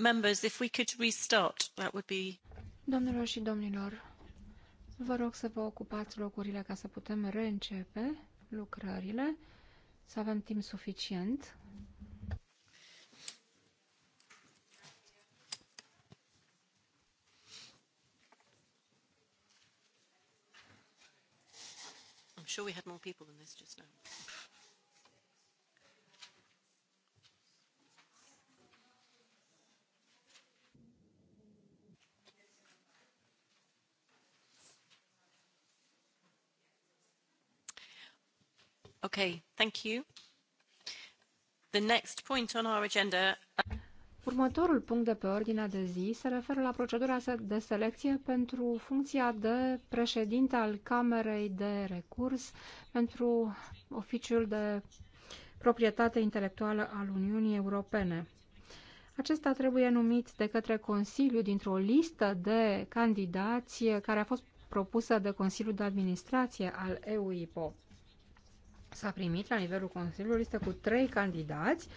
Members, if we could restart, that would be... Domnilor și domnilor, vă rog să vă ocupați locurile ca să putem reîncepe lucrările, să avem timp suficient. I'm sure we had more people than this just now. Okay, thank you. The next point on our agenda... Uh, Următorul punct de pe ordinea de zi se referă la procedura de selecție pentru funcția de președinte al Camerei de Recurs pentru oficiul de proprietate intelectuală al Uniunii Europene. Acesta trebuie numit de către Consiliu dintr-o listă de candidați care a fost propusă de Consiliul de Administrație al EUIPO s-a primit la nivelul Consiliului este cu trei candidați,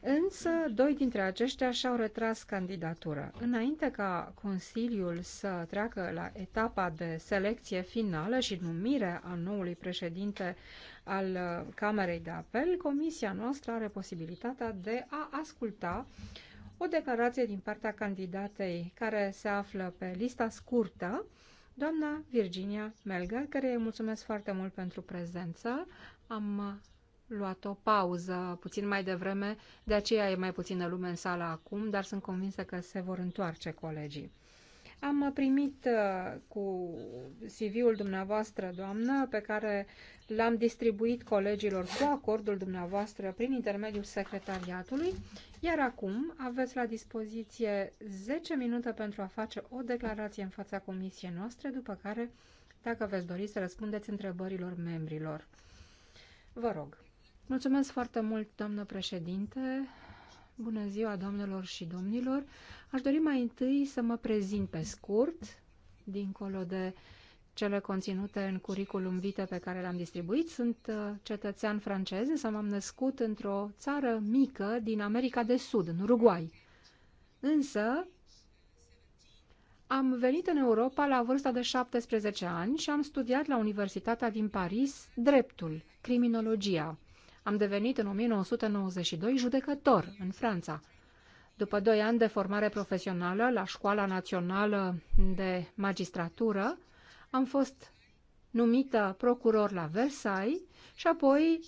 însă doi dintre aceștia și-au retras candidatura. Înainte ca Consiliul să treacă la etapa de selecție finală și numire a noului președinte al uh, Camerei de Apel, Comisia noastră are posibilitatea de a asculta o declarație din partea candidatei care se află pe lista scurtă, doamna Virginia Melga, care îi mulțumesc foarte mult pentru prezența. Am uh, luat o pauză puțin mai devreme, de aceea e mai puțină lume în sală acum, dar sunt convinsă că se vor întoarce colegii. Am uh, primit uh, cu CV-ul dumneavoastră, doamnă, pe care l-am distribuit colegilor cu acordul dumneavoastră prin intermediul secretariatului, iar acum aveți la dispoziție 10 minute pentru a face o declarație în fața comisiei noastre, după care, dacă veți dori, să răspundeți întrebărilor membrilor. Vă rog. Mulțumesc foarte mult, doamnă președinte. Bună ziua, doamnelor și domnilor. Aș dori mai întâi să mă prezint pe scurt, dincolo de cele conținute în curriculum vitae pe care le-am distribuit. Sunt uh, cetățean francez, însă m-am născut într-o țară mică din America de Sud, în Uruguay. Însă, am venit în Europa la vârsta de 17 ani și am studiat la Universitatea din Paris dreptul, criminologia. Am devenit în 1992 judecător în Franța. După doi ani de formare profesională la Școala Națională de Magistratură, am fost numită procuror la Versailles și apoi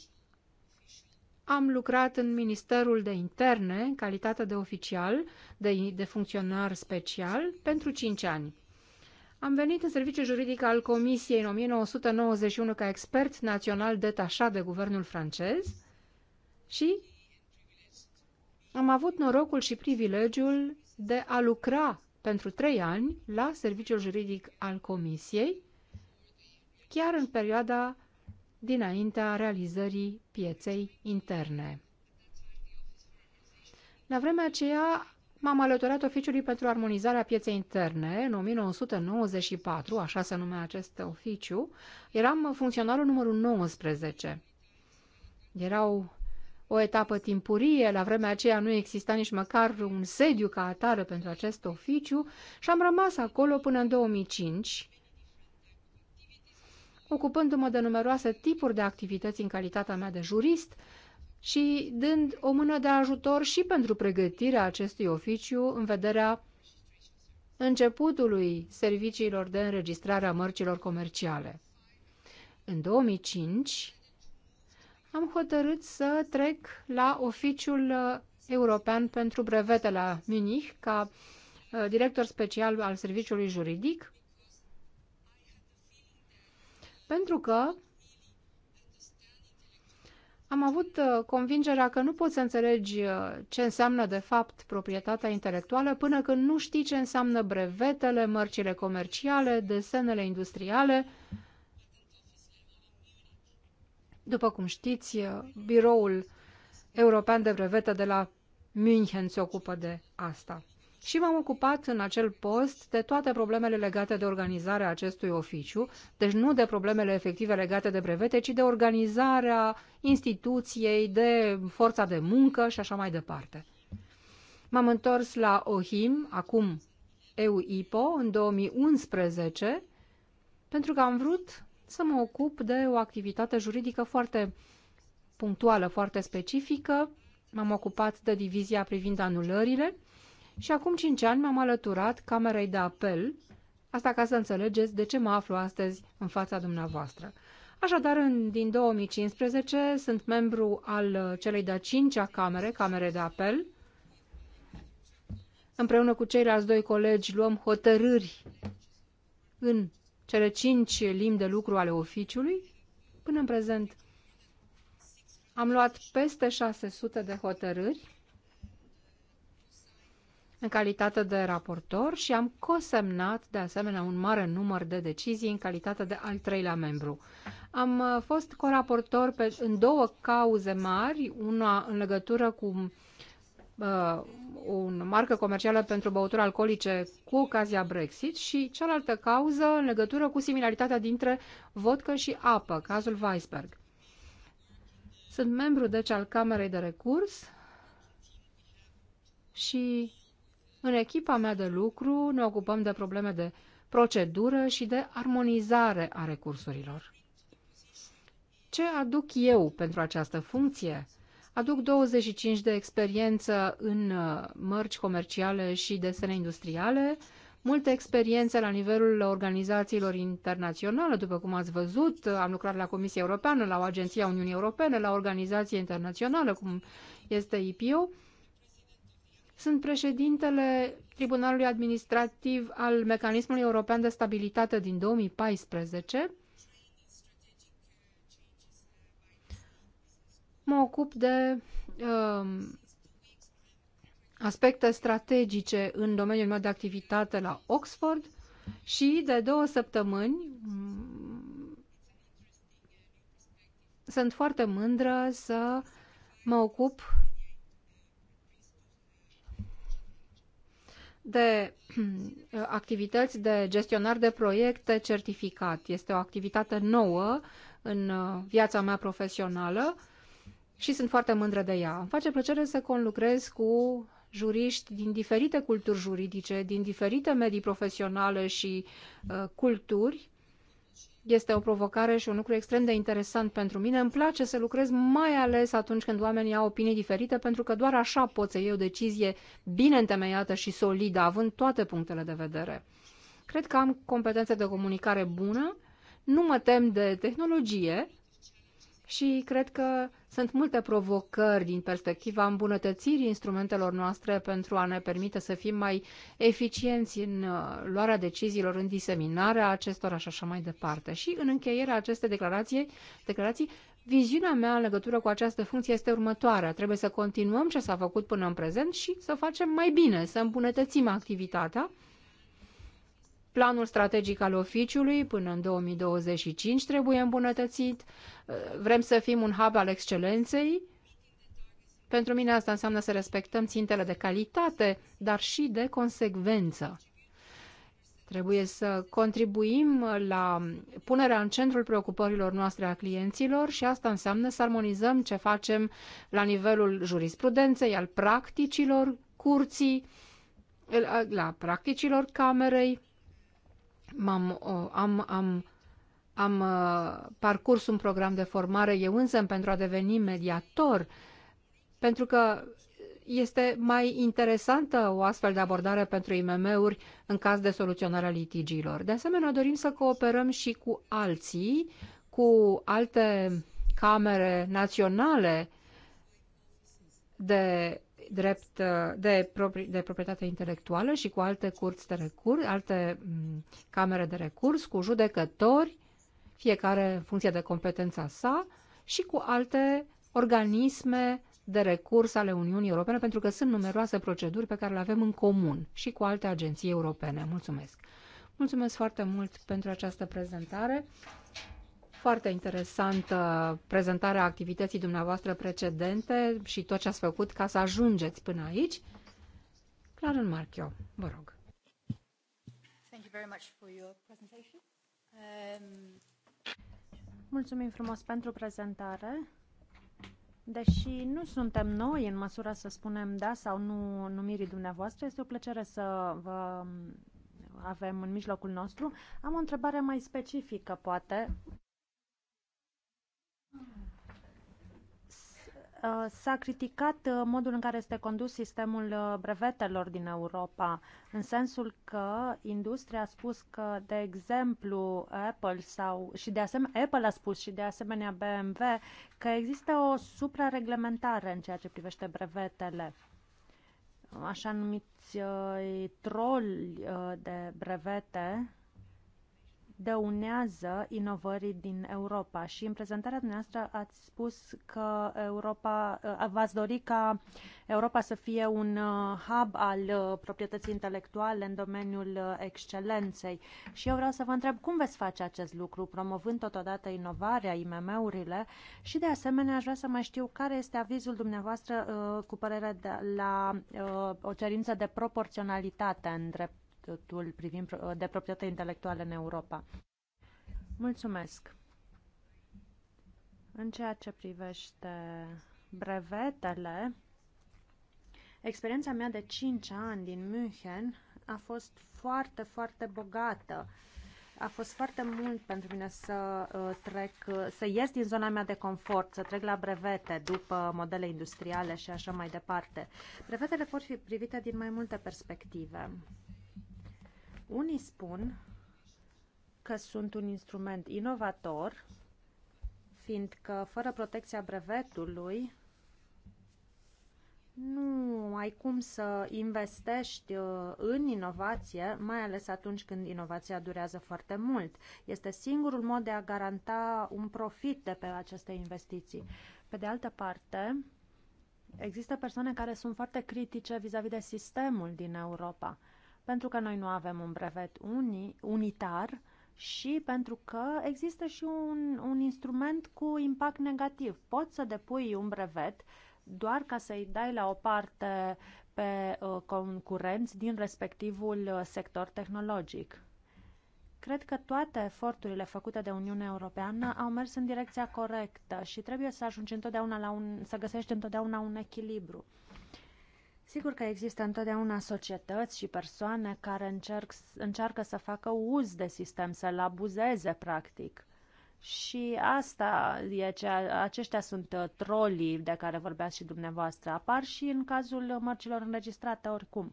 am lucrat în Ministerul de Interne, în calitate de oficial, de, de funcționar special, pentru 5 ani. Am venit în serviciul juridic al Comisiei în 1991 ca expert național detașat de guvernul francez și am avut norocul și privilegiul de a lucra pentru trei ani la serviciul juridic al Comisiei, chiar în perioada dinaintea realizării pieței interne. La vremea aceea m-am alăturat oficiului pentru armonizarea pieței interne în 1994, așa se numea acest oficiu, eram funcționarul numărul 19. Erau o etapă timpurie, la vremea aceea nu exista nici măcar un sediu ca atare pentru acest oficiu și am rămas acolo până în 2005, ocupându-mă de numeroase tipuri de activități în calitatea mea de jurist și dând o mână de ajutor și pentru pregătirea acestui oficiu în vederea începutului serviciilor de înregistrare a mărcilor comerciale. În 2005 am hotărât să trec la oficiul european pentru brevete la Munich ca uh, director special al serviciului juridic pentru că am avut uh, convingerea că nu poți să înțelegi uh, ce înseamnă de fapt proprietatea intelectuală până când nu știi ce înseamnă brevetele, mărcile comerciale, desenele industriale. După cum știți, uh, biroul european de brevete de la München se ocupă de asta și m-am ocupat în acel post de toate problemele legate de organizarea acestui oficiu, deci nu de problemele efective legate de brevete, ci de organizarea instituției, de forța de muncă și așa mai departe. M-am întors la OHIM, acum EUIPO, în 2011, pentru că am vrut să mă ocup de o activitate juridică foarte punctuală, foarte specifică. M-am ocupat de divizia privind anulările, și acum cinci ani m-am alăturat Camerei de Apel, asta ca să înțelegeți de ce mă aflu astăzi în fața dumneavoastră. Așadar, în, din 2015 sunt membru al uh, celei de-a cincea camere, Camere de Apel. Împreună cu ceilalți doi colegi luăm hotărâri în cele cinci limbi de lucru ale oficiului. Până în prezent am luat peste 600 de hotărâri în calitate de raportor și am cosemnat de asemenea un mare număr de decizii în calitate de al treilea membru. Am uh, fost coraportor pe, în două cauze mari, una în legătură cu uh, o marcă comercială pentru băuturi alcoolice cu ocazia Brexit și cealaltă cauză în legătură cu similaritatea dintre vodcă și apă, cazul Weisberg. Sunt membru, deci, al Camerei de Recurs și în echipa mea de lucru ne ocupăm de probleme de procedură și de armonizare a recursurilor. Ce aduc eu pentru această funcție? Aduc 25 de experiență în uh, mărci comerciale și desene industriale, multe experiențe la nivelul organizațiilor internaționale, după cum ați văzut, am lucrat la Comisia Europeană, la o Uniunii Europene, la organizații organizație internațională, cum este IPO, sunt președintele Tribunalului Administrativ al Mecanismului European de Stabilitate din 2014. Mă ocup de uh, aspecte strategice în domeniul meu de activitate la Oxford și de două săptămâni sunt foarte mândră să mă ocup de activități de gestionar de proiecte certificat. Este o activitate nouă în uh, viața mea profesională și sunt foarte mândră de ea. Îmi face plăcere să conlucrez cu juriști din diferite culturi juridice, din diferite medii profesionale și uh, culturi este o provocare și un lucru extrem de interesant pentru mine. Îmi place să lucrez mai ales atunci când oamenii au opinii diferite, pentru că doar așa pot să iei o decizie bine întemeiată și solidă, având toate punctele de vedere. Cred că am competențe de comunicare bună, nu mă tem de tehnologie, și cred că sunt multe provocări din perspectiva îmbunătățirii instrumentelor noastre pentru a ne permite să fim mai eficienți în uh, luarea deciziilor, în diseminarea acestora și așa mai departe. Și în încheierea acestei declarații, declarații Viziunea mea în legătură cu această funcție este următoarea. Trebuie să continuăm ce s-a făcut până în prezent și să facem mai bine, să îmbunătățim activitatea Planul strategic al oficiului până în 2025 trebuie îmbunătățit. Vrem să fim un hub al excelenței. Pentru mine asta înseamnă să respectăm țintele de calitate, dar și de consecvență. Trebuie să contribuim la punerea în centrul preocupărilor noastre a clienților și asta înseamnă să armonizăm ce facem la nivelul jurisprudenței, al practicilor curții, la practicilor camerei Uh, am am, am, am uh, parcurs un program de formare eu însă pentru a deveni mediator, pentru că este mai interesantă o astfel de abordare pentru IMM-uri în caz de soluționarea litigiilor. De asemenea, dorim să cooperăm și cu alții, cu alte camere naționale de drept uh, de, propri, de proprietate intelectuală și cu alte curți de recurs, alte mm, camere de recurs, cu judecători, fiecare în funcție de competența sa, și cu alte organisme de recurs ale Uniunii Europene, pentru că sunt numeroase proceduri pe care le avem în comun și cu alte agenții europene. Mulțumesc! Mulțumesc foarte mult pentru această prezentare foarte interesantă prezentarea activității dumneavoastră precedente și tot ce ați făcut ca să ajungeți până aici. Clarel Marchio, vă rog. Thank you very much for your presentation. Um... Mulțumim frumos pentru prezentare. Deși nu suntem noi în măsura să spunem da sau nu numirii dumneavoastră, este o plăcere să vă avem în mijlocul nostru. Am o întrebare mai specifică, poate, Uh, s-a criticat uh, modul în care este condus sistemul uh, brevetelor din Europa, în sensul că industria a spus că, de exemplu, Apple sau și de asemenea, Apple a spus și de asemenea BMW că există o suprareglementare în ceea ce privește brevetele. Așa numiți uh, troli uh, de brevete dăunează inovării din Europa și în prezentarea dumneavoastră ați spus că Europa, uh, v-ați dori ca Europa să fie un uh, hub al uh, proprietății intelectuale în domeniul excelenței. Și eu vreau să vă întreb cum veți face acest lucru, promovând totodată inovarea, IMM-urile și de asemenea aș vrea să mai știu care este avizul dumneavoastră cu părere de, la o cerință de proporționalitate în drept statutul privind de proprietate intelectuală în Europa. Mulțumesc. În ceea ce privește brevetele, experiența mea de 5 ani din München a fost foarte, foarte bogată. A fost foarte mult pentru mine să uh, trec, să ies din zona mea de confort, să trec la brevete după modele industriale și așa mai departe. Brevetele pot fi privite din mai multe perspective. Unii spun că sunt un instrument inovator, fiindcă fără protecția brevetului nu ai cum să investești uh, în inovație, mai ales atunci când inovația durează foarte mult. Este singurul mod de a garanta un profit de pe aceste investiții. Pe de altă parte, există persoane care sunt foarte critice vis-a-vis -vis de sistemul din Europa pentru că noi nu avem un brevet uni, unitar și pentru că există și un, un instrument cu impact negativ. Poți să depui un brevet doar ca să-i dai la o parte pe uh, concurenți din respectivul uh, sector tehnologic. Cred că toate eforturile făcute de Uniunea Europeană au mers în direcția corectă și trebuie să ajungi întotdeauna la un, să găsești întotdeauna un echilibru. Sigur că există întotdeauna societăți și persoane care încerc, încearcă să facă uz de sistem, să-l abuzeze practic. Și asta e cea, aceștia sunt uh, trolii de care vorbeați și dumneavoastră. Apar și în cazul mărcilor înregistrate oricum.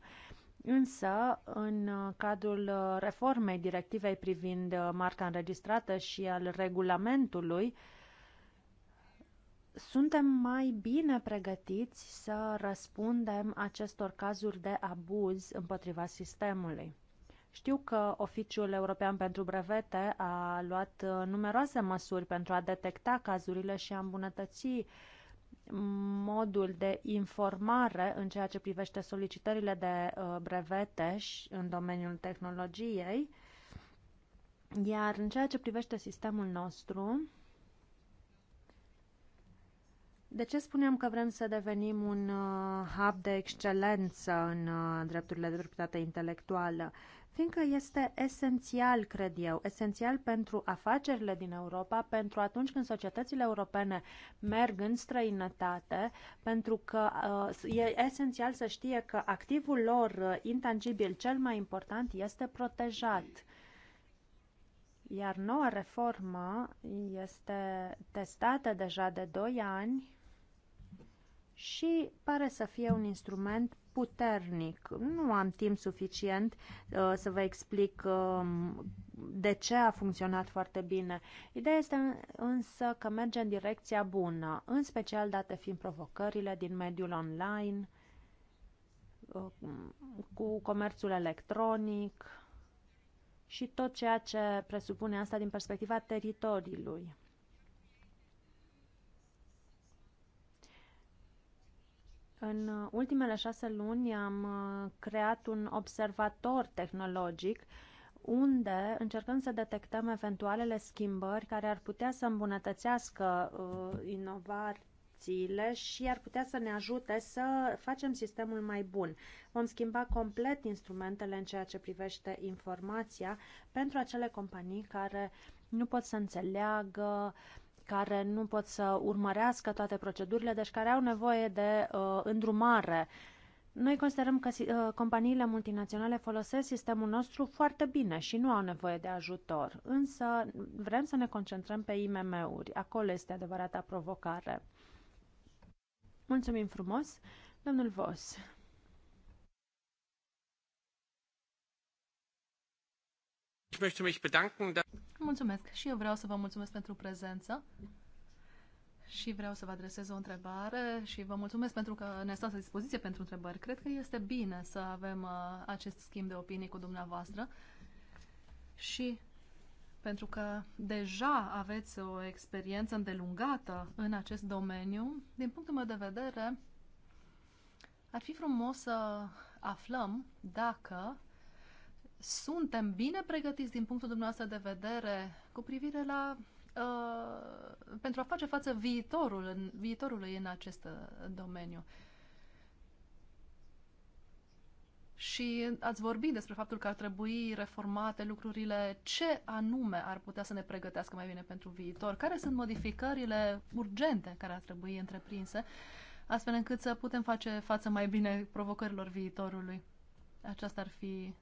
Însă, în uh, cadrul uh, reformei directivei privind marca înregistrată și al regulamentului, uh, suntem mai bine pregătiți să răspundem acestor cazuri de abuz împotriva sistemului. Știu că Oficiul European pentru Brevete a luat uh, numeroase măsuri pentru a detecta cazurile și a îmbunătăți modul de informare în ceea ce privește solicitările de uh, brevete și în domeniul tehnologiei. Iar în ceea ce privește sistemul nostru, de ce spuneam că vrem să devenim un uh, hub de excelență în uh, drepturile de proprietate intelectuală? Fiindcă este esențial, cred eu, esențial pentru afacerile din Europa, pentru atunci când societățile europene merg în străinătate, pentru că uh, e esențial să știe că activul lor intangibil cel mai important este protejat. Iar noua reformă este testată deja de 2 ani și pare să fie un instrument puternic. Nu am timp suficient uh, să vă explic uh, de ce a funcționat foarte bine. Ideea este însă că merge în direcția bună, în special date fiind provocările din mediul online, uh, cu comerțul electronic și tot ceea ce presupune asta din perspectiva teritoriului. În uh, ultimele șase luni am uh, creat un observator tehnologic unde încercăm să detectăm eventualele schimbări care ar putea să îmbunătățească uh, inovațiile și ar putea să ne ajute să facem sistemul mai bun. Vom schimba complet instrumentele în ceea ce privește informația pentru acele companii care nu pot să înțeleagă uh, care nu pot să urmărească toate procedurile, deci care au nevoie de uh, îndrumare. Noi considerăm că uh, companiile multinaționale folosesc sistemul nostru foarte bine și nu au nevoie de ajutor, însă vrem să ne concentrăm pe IMM-uri. Acolo este adevărata provocare. Mulțumim frumos, domnul Vos. Da- mulțumesc și eu vreau să vă mulțumesc pentru prezență și vreau să vă adresez o întrebare și vă mulțumesc pentru că ne stați la dispoziție pentru întrebări. Cred că este bine să avem uh, acest schimb de opinii cu dumneavoastră și pentru că deja aveți o experiență îndelungată în acest domeniu. Din punctul meu de vedere, ar fi frumos să aflăm dacă suntem bine pregătiți din punctul dumneavoastră de vedere cu privire la uh, pentru a face față viitorul, în, viitorului în acest uh, domeniu. Și ați vorbit despre faptul că ar trebui reformate lucrurile, ce anume ar putea să ne pregătească mai bine pentru viitor, care sunt modificările urgente care ar trebui întreprinse, astfel încât să putem face față mai bine provocărilor viitorului. Aceasta ar fi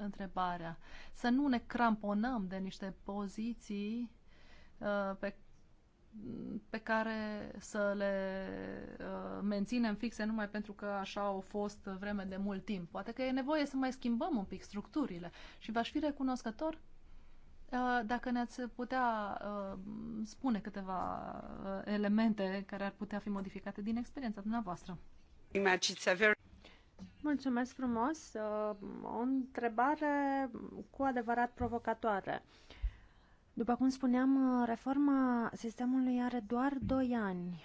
întrebarea. Să nu ne cramponăm de niște poziții uh, pe, pe care să le uh, menținem fixe numai pentru că așa au fost vreme de mult timp. Poate că e nevoie să mai schimbăm un pic structurile și v-aș fi recunoscător uh, dacă ne-ați putea uh, spune câteva uh, elemente care ar putea fi modificate din experiența dumneavoastră. It's a very Mulțumesc frumos. Uh, o întrebare cu adevărat provocatoare. După cum spuneam, uh, reforma sistemului are doar 2 ani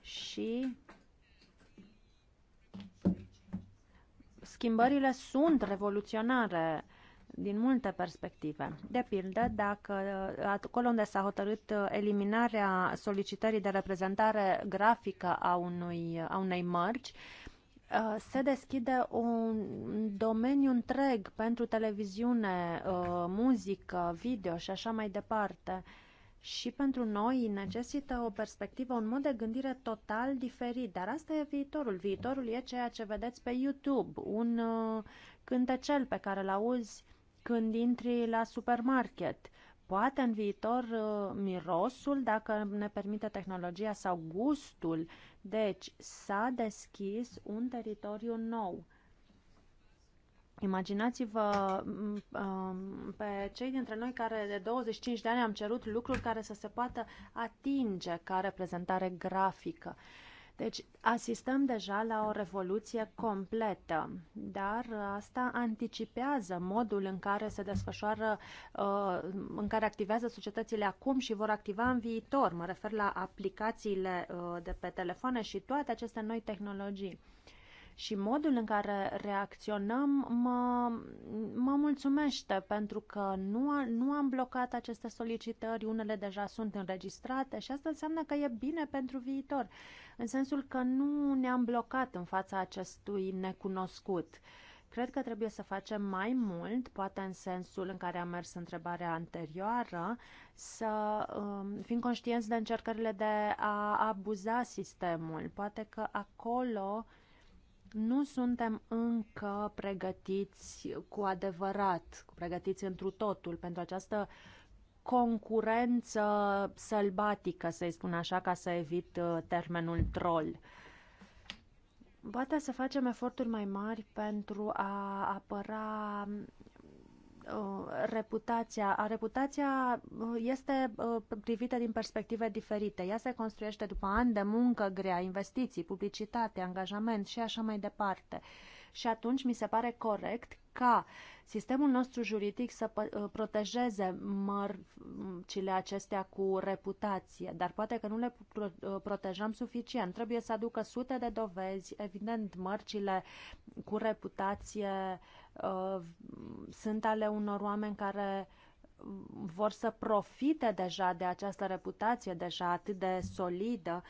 și schimbările sunt revoluționare din multe perspective. De pildă, dacă uh, acolo unde s-a hotărât eliminarea solicitării de reprezentare grafică a, unui, a unei mărci, Uh, se deschide un domeniu întreg pentru televiziune, uh, muzică, video și așa mai departe. Și pentru noi necesită o perspectivă, un mod de gândire total diferit. Dar asta e viitorul. Viitorul e ceea ce vedeți pe YouTube, un uh, cântecel pe care îl auzi când intri la supermarket. Uh, Poate în viitor uh, mirosul, dacă ne permite tehnologia, sau gustul. Deci s-a deschis un teritoriu nou. Imaginați-vă um, pe cei dintre noi care de 25 de ani am cerut lucruri care să se poată atinge ca reprezentare grafică. Deci asistăm deja la o revoluție completă, dar asta anticipează modul în care se desfășoară, uh, în care activează societățile acum și vor activa în viitor. Mă refer la aplicațiile uh, de pe telefoane și toate aceste noi tehnologii și modul în care reacționăm mă, mă mulțumește pentru că nu, a, nu am blocat aceste solicitări, unele deja sunt înregistrate și asta înseamnă că e bine pentru viitor, în sensul că nu ne-am blocat în fața acestui necunoscut. Cred că trebuie să facem mai mult, poate în sensul în care a mers întrebarea anterioară, să um, fim conștienți de încercările de a abuza sistemul. Poate că acolo nu suntem încă pregătiți cu adevărat, pregătiți întru totul pentru această concurență sălbatică, să-i spun așa, ca să evit uh, termenul troll. Poate să facem eforturi mai mari pentru a apăra Uh, reputația. A reputația uh, este uh, privită din perspective diferite. Ea se construiește după ani de muncă grea, investiții, publicitate, angajament și așa mai departe. Și atunci mi se pare corect ca sistemul nostru juridic să uh, protejeze mărcile acestea cu reputație, dar poate că nu le uh, protejăm suficient. Trebuie să aducă sute de dovezi, evident, mărcile cu reputație uh, sunt ale unor oameni care vor să profite deja de această reputație deja atât de solidă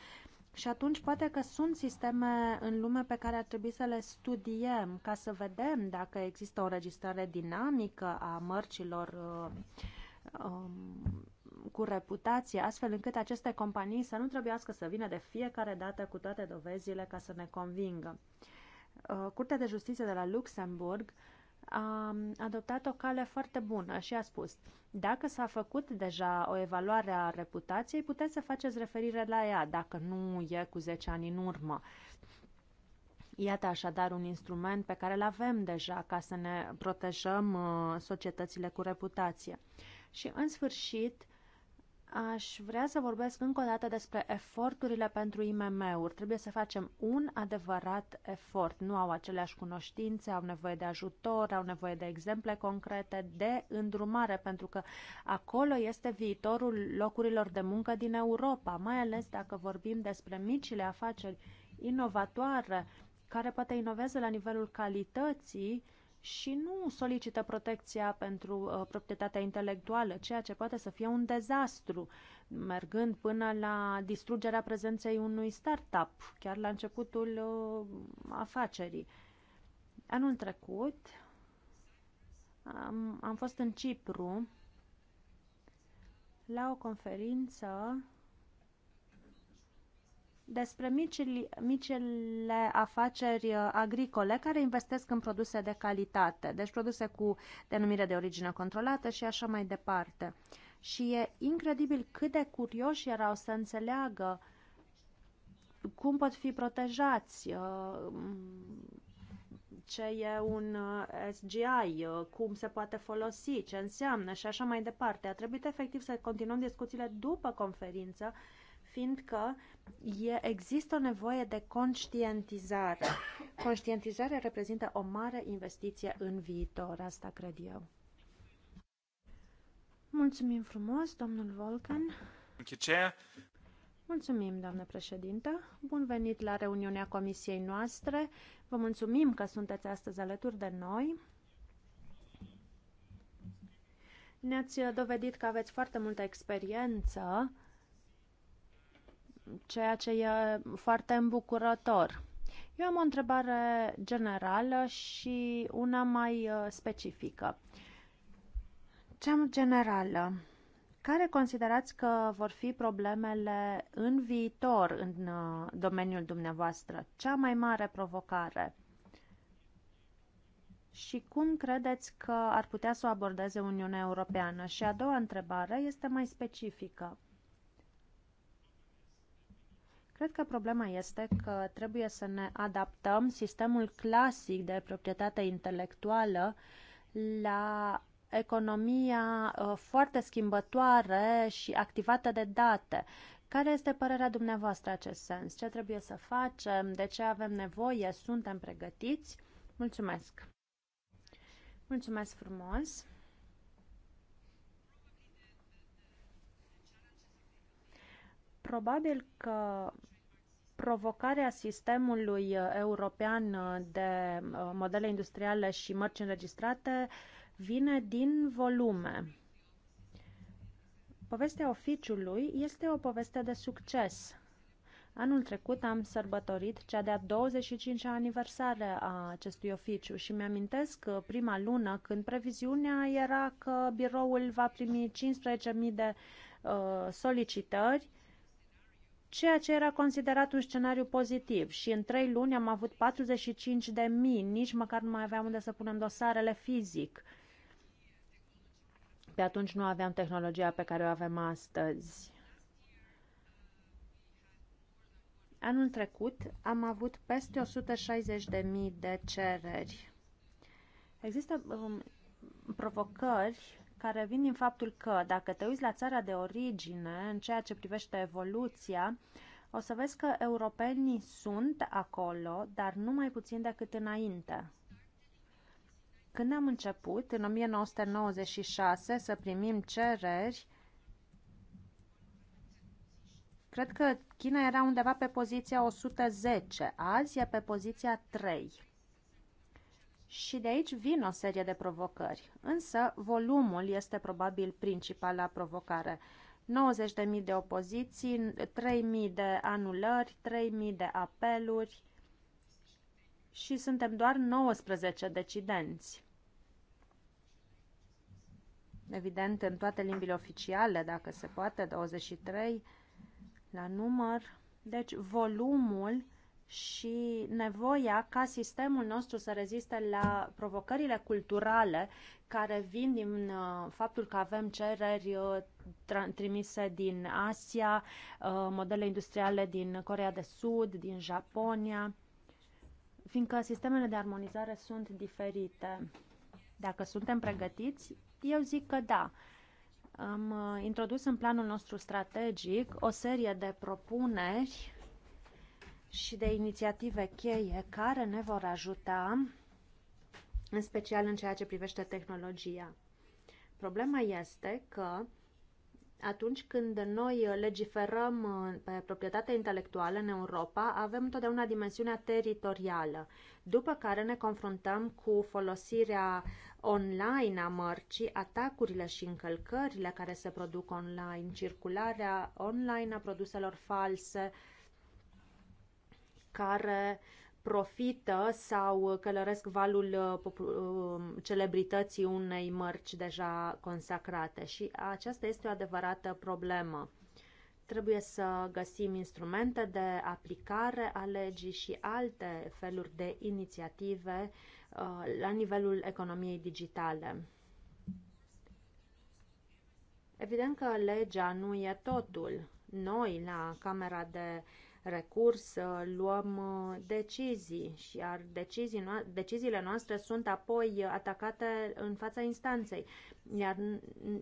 și atunci poate că sunt sisteme în lume pe care ar trebui să le studiem ca să vedem dacă există o registrare dinamică a mărcilor uh, um, cu reputație, astfel încât aceste companii să nu trebuiască să vină de fiecare dată cu toate dovezile ca să ne convingă. Uh, Curtea de Justiție de la Luxemburg a adoptat o cale foarte bună și a spus dacă s-a făcut deja o evaluare a reputației, puteți să faceți referire la ea, dacă nu e cu 10 ani în urmă. Iată așadar un instrument pe care îl avem deja ca să ne protejăm uh, societățile cu reputație. Și în sfârșit, Aș vrea să vorbesc încă o dată despre eforturile pentru IMM-uri. Trebuie să facem un adevărat efort. Nu au aceleași cunoștințe, au nevoie de ajutor, au nevoie de exemple concrete, de îndrumare, pentru că acolo este viitorul locurilor de muncă din Europa, mai ales dacă vorbim despre micile afaceri inovatoare, care poate inovează la nivelul calității uh, și nu solicită protecția pentru uh, proprietatea intelectuală, ceea ce poate să fie un dezastru, mergând până la distrugerea prezenței unui startup, chiar la începutul uh, afacerii. Anul trecut am, am fost în Cipru la o conferință despre micile, micile afaceri uh, agricole care investesc în produse de calitate, deci produse cu denumire de origine controlată și așa mai departe. Și e incredibil cât de curioși erau să înțeleagă cum pot fi protejați, uh, ce e un uh, SGI, cum se poate folosi, ce înseamnă și așa mai departe. A trebuit efectiv să continuăm discuțiile după conferință fiindcă e, există o nevoie de conștientizare. Conștientizarea reprezintă o mare investiție în viitor, asta cred eu. Mulțumim frumos, domnul Volcan. Mulțumim, doamnă președintă. Bun venit la reuniunea comisiei noastre. Vă mulțumim că sunteți astăzi alături de noi. Ne-ați dovedit că aveți foarte multă experiență ceea ce e foarte îmbucurător. Eu am o întrebare generală și una mai uh, specifică. Cea generală. Care considerați că vor fi problemele în viitor în uh, domeniul dumneavoastră? Cea mai mare provocare? Și cum credeți că ar putea să o abordeze Uniunea Europeană? Și a doua întrebare este mai specifică. Cred că problema este că trebuie să ne adaptăm sistemul clasic de proprietate intelectuală la economia ă, foarte schimbătoare și activată de date. Care este părerea dumneavoastră acest sens? Ce trebuie să facem? De ce avem nevoie? Suntem pregătiți? Mulțumesc! Mulțumesc frumos! Probabil că provocarea sistemului uh, european uh, de uh, modele industriale și mărci înregistrate vine din volume. Povestea oficiului este o poveste de succes. Anul trecut am sărbătorit cea de-a 25-a aniversare a acestui oficiu și mi-amintesc prima lună când previziunea era că biroul va primi 15.000 de uh, solicitări ceea ce era considerat un scenariu pozitiv și în trei luni am avut 45 de mii, nici măcar nu mai aveam unde să punem dosarele fizic. Pe atunci nu aveam tehnologia pe care o avem astăzi. Anul trecut am avut peste mii de cereri. Există um, provocări care vin din faptul că dacă te uiți la țara de origine în ceea ce privește evoluția, o să vezi că europenii sunt acolo, dar nu mai puțin decât înainte. Când am început, în 1996, să primim cereri, cred că China era undeva pe poziția 110, azi e pe poziția 3. Și de aici vin o serie de provocări, însă volumul este probabil principala provocare. 90.000 de opoziții, 3.000 de anulări, 3.000 de apeluri și suntem doar 19 decidenți. Evident, în toate limbile oficiale, dacă se poate, 23 la număr. Deci, volumul și nevoia ca sistemul nostru să reziste la provocările culturale care vin din uh, faptul că avem cereri uh, trimise din Asia, uh, modele industriale din Corea de Sud, din Japonia, fiindcă sistemele de armonizare sunt diferite. Dacă suntem pregătiți, eu zic că da. Am introdus în planul nostru strategic o serie de propuneri și de inițiative cheie care ne vor ajuta, în special în ceea ce privește tehnologia. Problema este că atunci când noi legiferăm uh, pe proprietatea intelectuală în Europa, avem întotdeauna dimensiunea teritorială, după care ne confruntăm cu folosirea online a mărcii, atacurile și încălcările care se produc online, circularea online a produselor false, uh, care profită sau călăresc valul uh, um, celebrității unei mărci deja consacrate și aceasta este o adevărată problemă. Trebuie să găsim instrumente de aplicare a legii și alte feluri de inițiative uh, la nivelul economiei digitale. Evident că legea nu e totul. Noi, la Camera de uh, recurs, luăm uh, decizii, și iar decizii no- deciziile noastre sunt apoi atacate în fața instanței. Iar,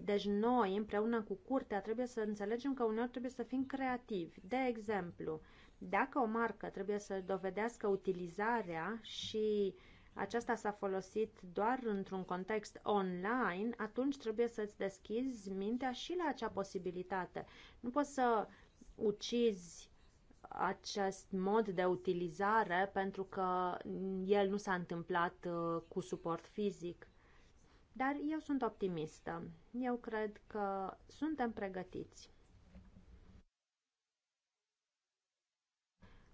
deci noi, împreună cu curtea, trebuie să înțelegem că uneori trebuie să fim creativi. De exemplu, dacă o marcă trebuie să dovedească utilizarea și aceasta s-a folosit doar într-un context online, atunci trebuie să-ți deschizi mintea și la acea posibilitate. Nu poți să ucizi acest mod de utilizare pentru că el nu s-a întâmplat uh, cu suport fizic. Dar eu sunt optimistă. Eu cred că suntem pregătiți.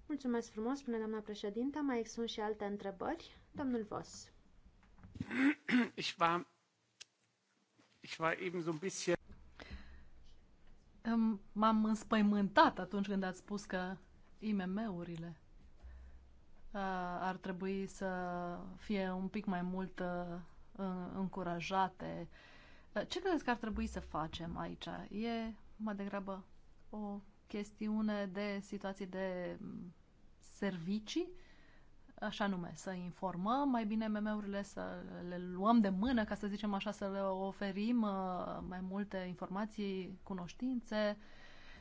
Mulțumesc frumos, spune doamna președintă. Mai sunt și alte întrebări? Domnul Vos. Ich war, ich war eben so ein bisschen... M-am înspăimântat atunci când ați spus că IMM-urile uh, ar trebui să fie un pic mai mult uh, încurajate. Uh, ce credeți că ar trebui să facem aici? E mai degrabă o chestiune de situații de mm, servicii așa nume, să informăm mai bine MM-urile, să le luăm de mână, ca să zicem așa, să le oferim uh, mai multe informații, cunoștințe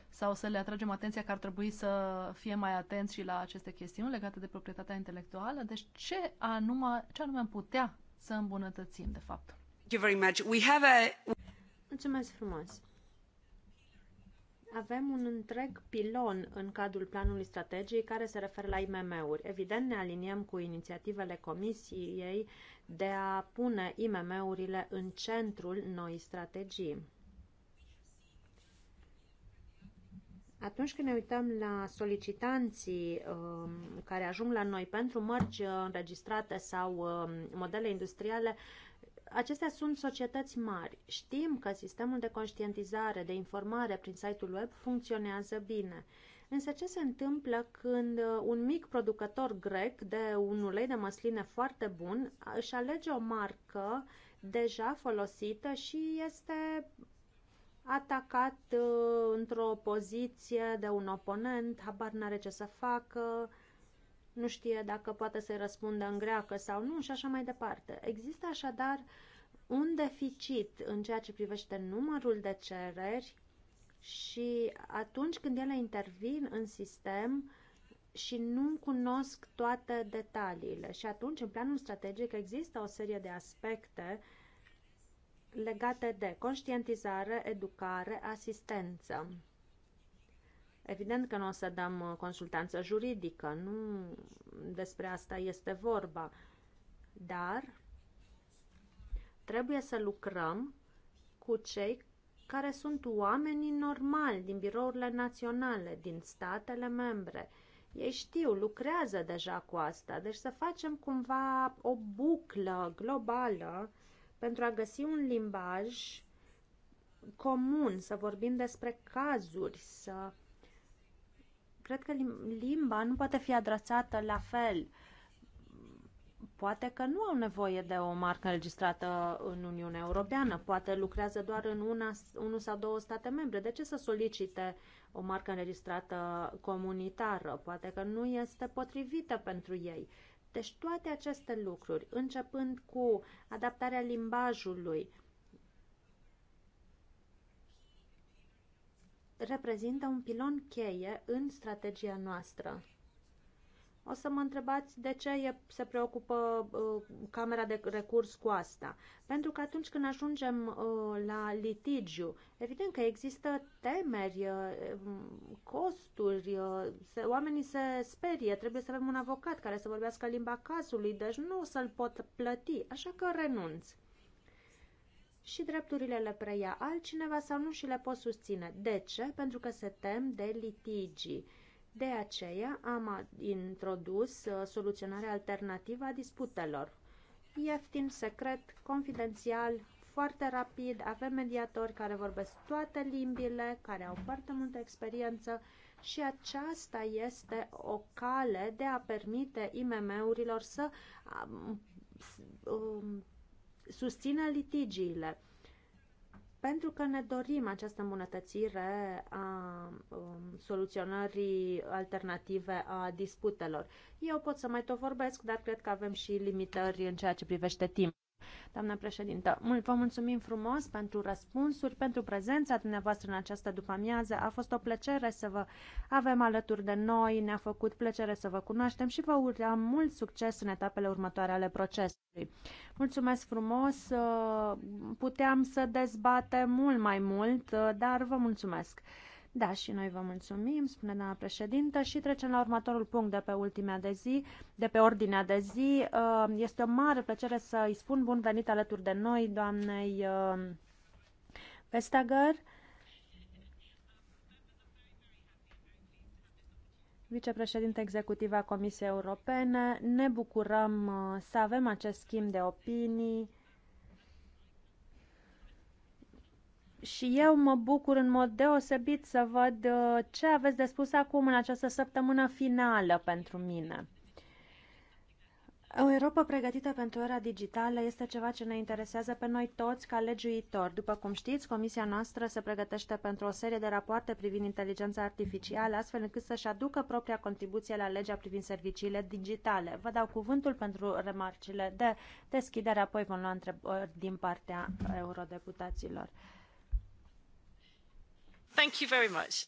sau să le atragem atenția că ar trebui să fie mai atenți și la aceste chestiuni legate de proprietatea intelectuală. Deci ce anume, ce anume am putea să îmbunătățim, de fapt? Thank you very much. We Mulțumesc frumos! Avem un întreg pilon în cadrul planului strategiei care se referă la IMM-uri. Evident, ne aliniem cu inițiativele Comisiei de a pune IMM-urile în centrul noii strategii. Atunci când ne uităm la solicitanții um, care ajung la noi pentru mărci uh, înregistrate sau um, modele industriale, acestea sunt societăți mari. Știm că sistemul de conștientizare, de informare prin site-ul web funcționează bine. Însă ce se întâmplă când uh, un mic producător grec de un ulei de măsline foarte bun își alege o marcă deja folosită și este atacat uh, într-o poziție de un oponent, habar n-are ce să facă, nu știe dacă poate să-i răspundă în greacă sau nu și așa mai departe. Există așadar un deficit în ceea ce privește numărul de cereri și atunci când ele intervin în sistem și nu cunosc toate detaliile. Și atunci, în planul strategic, există o serie de aspecte legate de conștientizare, educare, asistență. Evident că nu o să dăm uh, consultanță juridică, nu despre asta este vorba, dar trebuie să lucrăm cu cei care sunt oamenii normali din birourile naționale, din statele membre. Ei știu, lucrează deja cu asta, deci să facem cumva o buclă globală pentru a găsi un limbaj comun, să vorbim despre cazuri, să cred că limba nu poate fi adresată la fel. Poate că nu au nevoie de o marcă înregistrată în Uniunea Europeană, poate lucrează doar în una, unul sau două state membre. De ce să solicite o marcă înregistrată comunitară? Poate că nu este potrivită pentru ei. Deci toate aceste lucruri, începând cu adaptarea limbajului, reprezintă un pilon cheie în strategia noastră. O să mă întrebați de ce e, se preocupă uh, Camera de Recurs cu asta. Pentru că atunci când ajungem uh, la litigiu, evident că există temeri, uh, costuri, uh, se, oamenii se sperie, trebuie să avem un avocat care să vorbească limba cazului, deci nu o să-l pot plăti, așa că renunț și drepturile le preia altcineva sau nu și le pot susține. De ce? Pentru că se tem de litigii. De aceea am introdus uh, soluționarea alternativă a disputelor. Ieftin, secret, confidențial, foarte rapid, avem mediatori care vorbesc toate limbile, care au foarte multă experiență și aceasta este o cale de a permite IMM-urilor să um, um, susține litigiile. Pentru că ne dorim această îmbunătățire a um, soluționării alternative a disputelor. Eu pot să mai tot vorbesc, dar cred că avem și limitări în ceea ce privește timp doamna președintă. Mult vă mulțumim frumos pentru răspunsuri, pentru prezența dumneavoastră în această după-amiază. A fost o plăcere să vă avem alături de noi, ne-a făcut plăcere să vă cunoaștem și vă urăm mult succes în etapele următoare ale procesului. Mulțumesc frumos, uh, puteam să dezbatem mult mai mult, uh, dar vă mulțumesc. Da, și noi vă mulțumim, spune doamna președintă, și trecem la următorul punct de pe ultimea de zi, de pe ordinea de zi. Uh, este o mare plăcere să îi spun bun venit alături de noi, doamnei uh, Vestager. vicepreședinte executiv a Comisiei Europene. Ne bucurăm uh, să avem acest schimb de opinii și eu mă bucur în mod deosebit să văd uh, ce aveți de spus acum în această săptămână finală pentru mine. O Europa pregătită pentru era digitală este ceva ce ne interesează pe noi toți ca legiuitori. După cum știți, comisia noastră se pregătește pentru o serie de rapoarte privind inteligența artificială, astfel încât să-și aducă propria contribuție la legea privind serviciile digitale. Vă dau cuvântul pentru remarcile de deschidere, apoi vom lua întrebări din partea eurodeputaților. Thank you very much.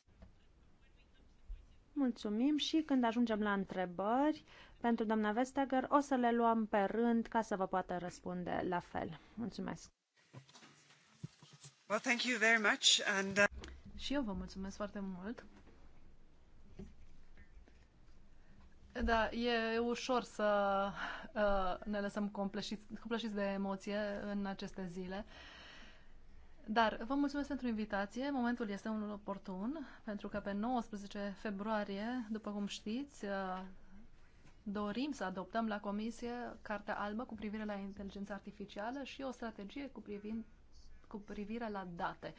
Mulțumim și când ajungem la întrebări pentru doamna Vestager, o să le luăm pe rând ca să vă poată răspunde la fel. Mulțumesc. Well, thank you very much and, uh... Și eu vă mulțumesc foarte mult. Da, e ușor să uh, ne lăsăm compleșiți, compleșiți de emoție în aceste zile. Uh, dar vă mulțumesc pentru invitație. Momentul este unul oportun, pentru că pe 19 februarie, după cum știți, uh, dorim să adoptăm la Comisie Cartea Albă cu privire la inteligența artificială și o strategie cu, privind, cu privire la date.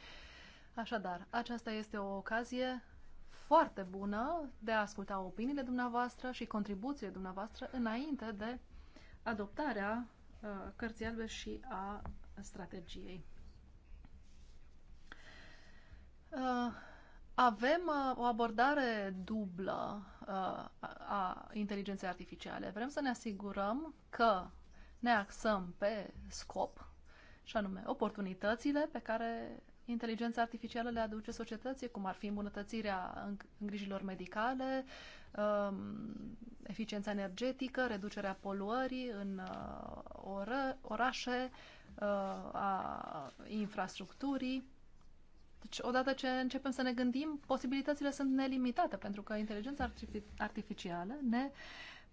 Așadar, aceasta este o ocazie foarte bună de a asculta opiniile dumneavoastră și contribuțiile dumneavoastră înainte de adoptarea uh, cărții albe și a strategiei. Uh, avem uh, o abordare dublă uh, a inteligenței artificiale. Vrem să ne asigurăm că ne axăm pe scop, și anume oportunitățile pe care inteligența artificială le aduce societății, cum ar fi îmbunătățirea îngrijilor medicale, um, eficiența energetică, reducerea poluării în ora orașe, a infrastructurii. Deci, odată ce începem să ne gândim, posibilitățile sunt nelimitate, pentru că inteligența artificială ne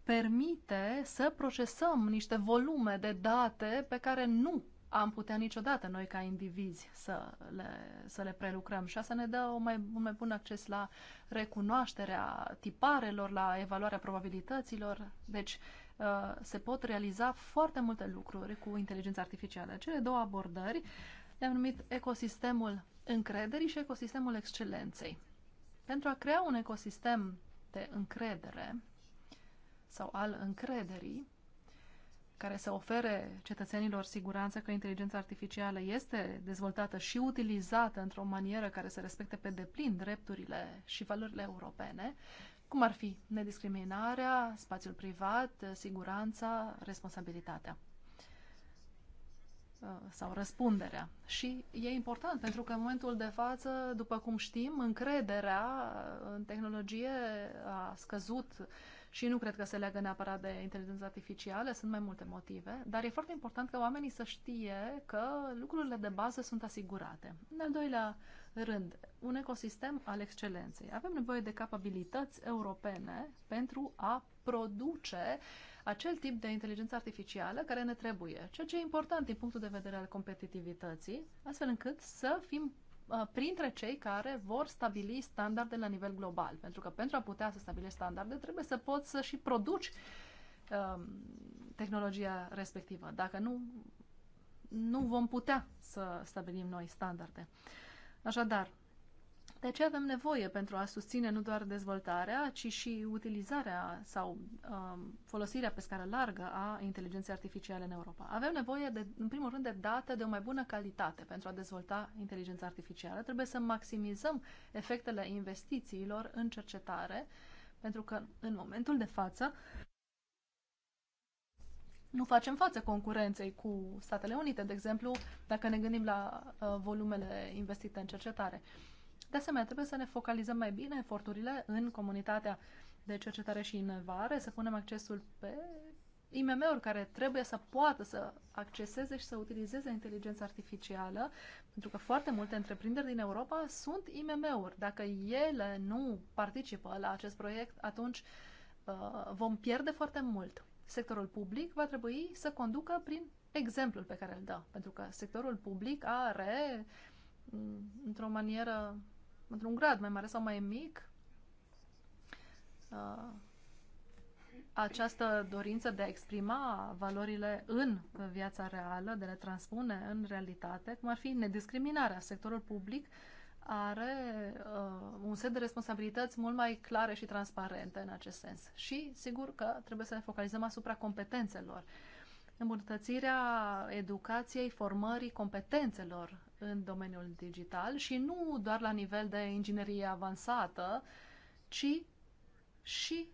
permite să procesăm niște volume de date pe care nu am putea niciodată noi ca indivizi să le, să le prelucrăm și asta ne dă o mai, un mai bun acces la recunoașterea tiparelor, la evaluarea probabilităților. Deci uh, se pot realiza foarte multe lucruri cu inteligența artificială. Cele două abordări le-am numit ecosistemul încrederii și ecosistemul excelenței. Pentru a crea un ecosistem de încredere sau al încrederii, care să ofere cetățenilor siguranță că inteligența artificială este dezvoltată și utilizată într-o manieră care să respecte pe deplin drepturile și valorile europene, cum ar fi nediscriminarea, spațiul privat, siguranța, responsabilitatea. Uh, sau răspunderea. Și e important pentru că în momentul de față, după cum știm, încrederea uh, în tehnologie a scăzut și nu cred că se leagă neapărat de inteligența artificială, sunt mai multe motive, dar e foarte important ca oamenii să știe că lucrurile de bază sunt asigurate. În al doilea rând, un ecosistem al excelenței. Avem nevoie de capabilități europene pentru a produce uh, acel tip de inteligență artificială care ne trebuie, ceea ce e important din punctul de vedere al competitivității, astfel încât să fim uh, printre cei care vor stabili standarde la nivel global. Pentru că pentru a putea să stabilești standarde, trebuie să poți să și produci um, tehnologia respectivă. Dacă nu, nu vom putea să stabilim noi standarde. Așadar, de aceea avem nevoie pentru a susține nu doar dezvoltarea, ci și utilizarea sau um, folosirea pe scară largă a inteligenței artificiale în Europa. Avem nevoie, de, în primul rând, de date de o mai bună calitate pentru a dezvolta inteligența artificială. Trebuie să maximizăm efectele investițiilor în cercetare, pentru că, în momentul de față, nu facem față concurenței cu Statele Unite, de exemplu, dacă ne gândim la uh, volumele investite în cercetare. Uh, de asemenea, trebuie să ne focalizăm mai bine eforturile în comunitatea de cercetare și inovare, să punem accesul pe IMM-uri care trebuie să poată să acceseze și să utilizeze inteligența artificială, pentru că foarte multe întreprinderi din Europa sunt IMM-uri. Dacă ele nu participă la acest proiect, atunci uh, vom pierde foarte mult. Sectorul public va trebui să conducă prin exemplul pe care îl dă, pentru că sectorul public are, mm, într-o manieră într-un grad mai mare sau mai mic, uh, această dorință de a exprima valorile în viața reală, de a le transpune în realitate, cum ar fi nediscriminarea. Sectorul public are uh, un set de responsabilități mult mai clare și transparente în acest sens. Și, sigur, că trebuie să ne focalizăm asupra competențelor. Îmbunătățirea educației, formării, competențelor în domeniul digital și nu doar la nivel de inginerie avansată, ci și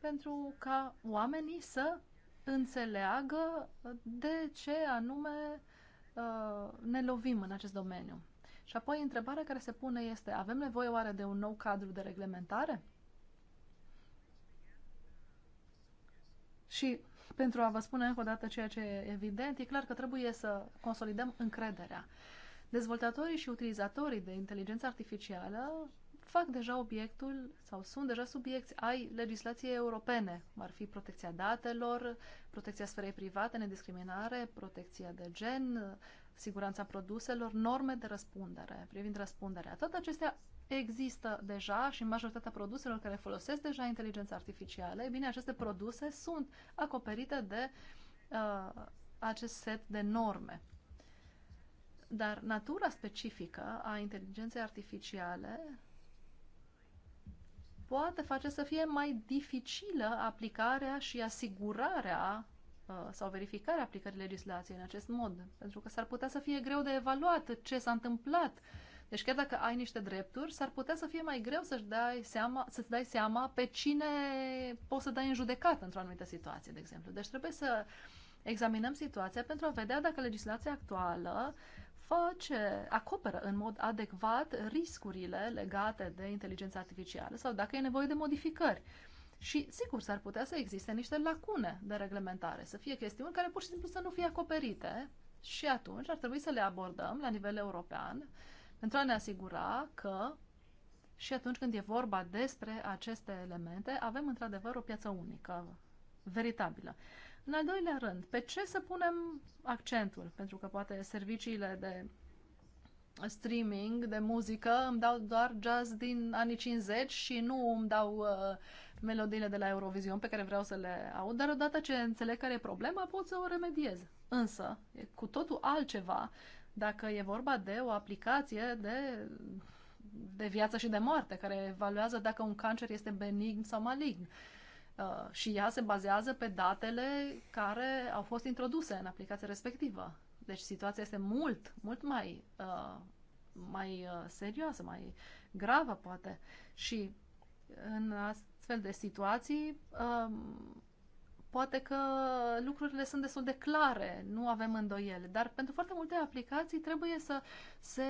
pentru ca oamenii să înțeleagă de ce anume uh, ne lovim în acest domeniu. Și apoi întrebarea care se pune este, avem nevoie oare de un nou cadru de reglementare? Și pentru a vă spune încă o dată ceea ce e evident, e clar că trebuie să consolidăm încrederea. Dezvoltatorii și utilizatorii de inteligență artificială fac deja obiectul sau sunt deja subiecti. ai legislației europene, ar fi protecția datelor, protecția sferei private, nediscriminare, protecția de gen, siguranța produselor, norme de răspundere, privind răspunderea. Toate acestea există deja și majoritatea produselor care folosesc deja inteligența artificială, bine, aceste produse sunt acoperite de uh, acest set de norme. Dar natura specifică a inteligenței artificiale poate face să fie mai dificilă aplicarea și asigurarea uh, sau verificarea aplicării legislației în acest mod, pentru că s-ar putea să fie greu de evaluat ce s-a întâmplat uh, deci chiar dacă ai niște drepturi, s-ar putea să fie mai greu să-ți dai seama, să-ți dai seama pe cine poți să dai în judecată într-o anumită situație, de exemplu. Deci trebuie să examinăm situația pentru a vedea dacă legislația actuală face, acoperă în mod adecvat riscurile legate de inteligența artificială sau dacă e nevoie de modificări. Și, sigur, s-ar putea să existe niște lacune de reglementare, să fie chestiuni care pur și simplu să nu fie acoperite și atunci ar trebui să le abordăm la nivel european pentru a ne asigura că și atunci când e vorba despre aceste elemente, avem într-adevăr o piață unică, veritabilă. În al doilea rând, pe ce să punem accentul? Pentru că poate serviciile de streaming de muzică îmi dau doar jazz din anii 50 și nu îmi dau uh, melodiile de la Eurovision pe care vreau să le aud, dar odată ce înțeleg care e problema, pot să o remediez. Însă, e cu totul altceva dacă e vorba de o aplicație de, de viață și de moarte, care evaluează dacă un cancer este benign sau malign. Uh, și ea se bazează pe datele care au fost introduse în aplicația respectivă. Deci situația este mult, mult mai, uh, mai uh, serioasă, mai gravă, poate. Și în astfel de situații, um, Poate că lucrurile sunt destul de clare, nu avem îndoiele, dar pentru foarte multe aplicații trebuie să se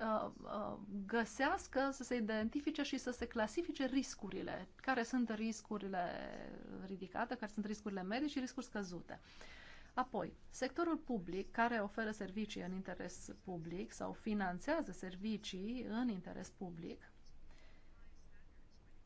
uh, uh, găsească, să se identifice și să se clasifice riscurile. Care sunt riscurile ridicate, care sunt riscurile medii și riscuri scăzute. Apoi, sectorul public care oferă servicii în interes public sau finanțează servicii în interes public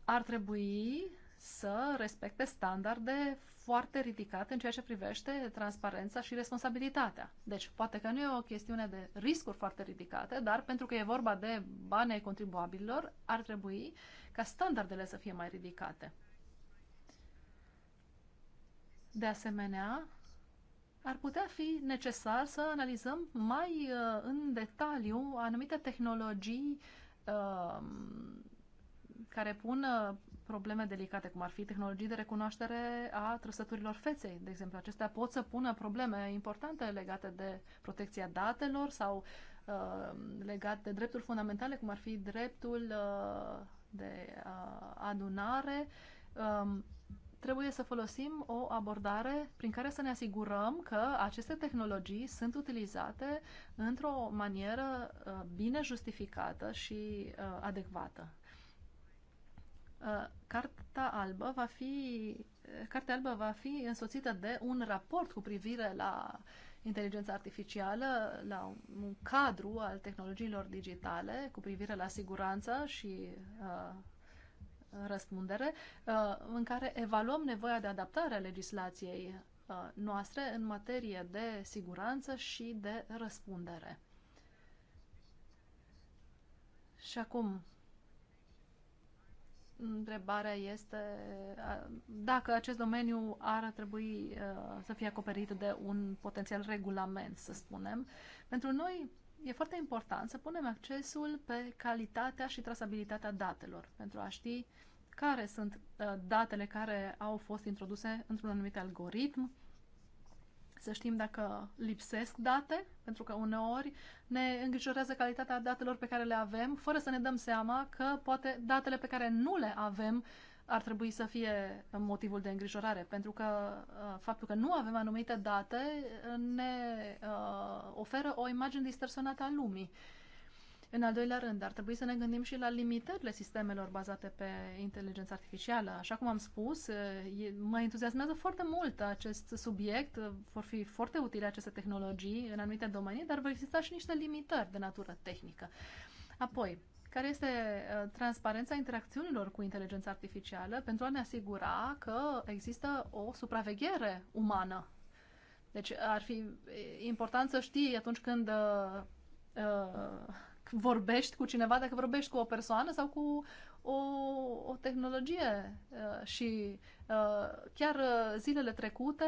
ar trebui să respecte standarde foarte ridicate în ceea ce privește transparența și responsabilitatea. Deci, poate că nu e o chestiune de riscuri foarte ridicate, dar pentru că e vorba de banii contribuabililor, ar trebui ca standardele să fie mai ridicate. De asemenea, ar putea fi necesar să analizăm mai uh, în detaliu anumite tehnologii uh, care pun uh, probleme delicate, cum ar fi tehnologii de recunoaștere a trăsăturilor feței, de exemplu. Acestea pot să pună probleme importante legate de protecția datelor sau uh, legate de drepturi fundamentale, cum ar fi dreptul uh, de uh, adunare. Um, trebuie să folosim o abordare prin care să ne asigurăm că aceste tehnologii sunt utilizate într-o manieră uh, bine justificată și uh, adecvată. Uh, Carta albă va fi, uh, Cartea albă va fi însoțită de un raport cu privire la inteligența artificială, la un cadru al tehnologiilor digitale cu privire la siguranță și uh, răspundere, în care evaluăm nevoia de adaptare a legislației noastre în materie de siguranță și de răspundere. Și acum, Întrebarea este dacă acest domeniu ar trebui să fie acoperit de un potențial regulament, să spunem. Pentru noi e foarte important să punem accesul pe calitatea și trasabilitatea datelor pentru a ști care sunt datele care au fost introduse într-un anumit algoritm, să știm dacă lipsesc date, pentru că uneori ne îngrijorează calitatea datelor pe care le avem, fără să ne dăm seama că poate datele pe care nu le avem ar trebui să fie motivul de îngrijorare, pentru că uh, faptul că nu avem anumite date ne uh, oferă o imagine distorsionată a lumii. În al doilea rând, ar trebui să ne gândim și la limitările sistemelor bazate pe inteligență artificială. Așa cum am spus, mă entuziasmează foarte mult acest subiect, vor fi foarte utile aceste tehnologii în anumite domenii, dar vor exista și niște limitări de natură tehnică. Apoi, care este transparența interacțiunilor cu inteligența artificială pentru a ne asigura că există o supraveghere umană. Deci ar fi important să știi atunci când uh, vorbești cu cineva, dacă vorbești cu o persoană sau cu o, o tehnologie. Uh, și uh, chiar uh, zilele trecute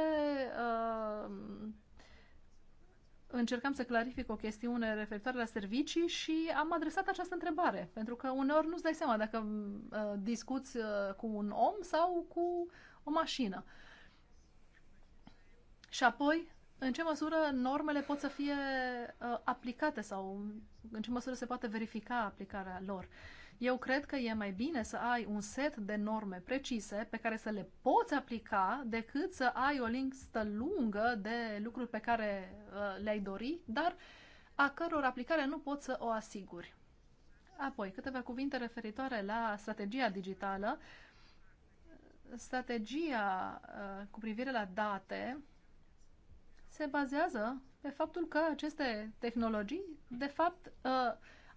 încercam să clarific o chestiune referitoare la servicii și am adresat această întrebare, pentru că uneori nu-ți dai seama dacă discuți cu un om sau cu o mașină. Și apoi în ce măsură normele pot să fie uh, aplicate sau în ce măsură se poate verifica aplicarea lor. Eu cred că e mai bine să ai un set de norme precise pe care să le poți aplica decât să ai o listă lungă de lucruri pe care uh, le-ai dori, dar a căror aplicare nu poți să o asiguri. Apoi, câteva cuvinte referitoare la strategia digitală. Strategia uh, cu privire la date se bazează pe faptul că aceste tehnologii, de fapt, uh,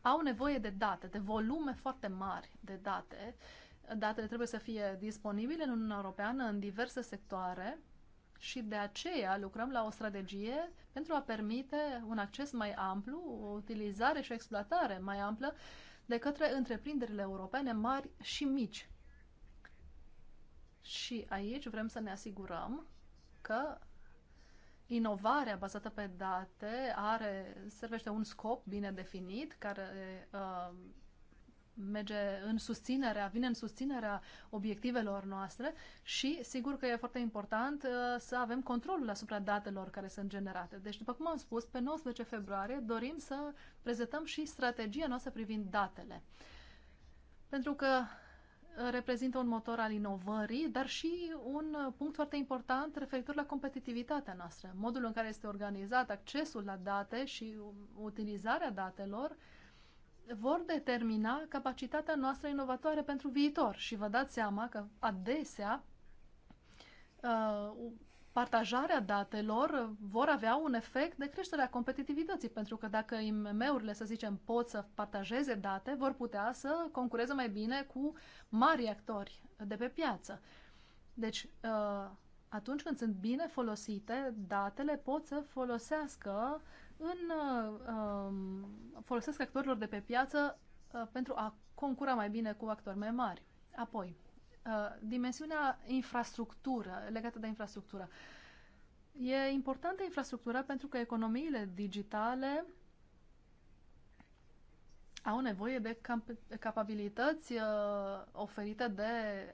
au nevoie de date, de volume foarte mari de date. Datele trebuie să fie disponibile în Uniunea Europeană în diverse sectoare și de aceea lucrăm la o strategie pentru a permite un acces mai amplu, o utilizare și o exploatare mai amplă de către întreprinderile europene mari și mici. Și aici vrem să ne asigurăm că inovarea bazată pe date are, servește un scop bine definit care uh, merge în susținerea, vine în susținerea obiectivelor noastre și sigur că e foarte important uh, să avem controlul asupra datelor care sunt generate. Deci, după cum am spus, pe 19 februarie dorim să prezentăm și strategia noastră privind datele. Pentru că reprezintă un motor al inovării, dar și un punct foarte important referitor la competitivitatea noastră. Modul în care este organizat accesul la date și utilizarea datelor vor determina capacitatea noastră inovatoare pentru viitor. Și vă dați seama că adesea uh, partajarea datelor vor avea un efect de creștere a competitivității, pentru că dacă IMM-urile, să zicem, pot să partajeze date, vor putea să concureze mai bine cu mari actori de pe piață. Deci, uh, atunci când sunt bine folosite, datele pot să folosească în uh, um, folosesc actorilor de pe piață uh, pentru a concura mai bine cu actori mai mari. Apoi, Uh, dimensiunea infrastructură, legată de infrastructură. E importantă infrastructura pentru că economiile digitale au nevoie de cap capabilități uh, oferite de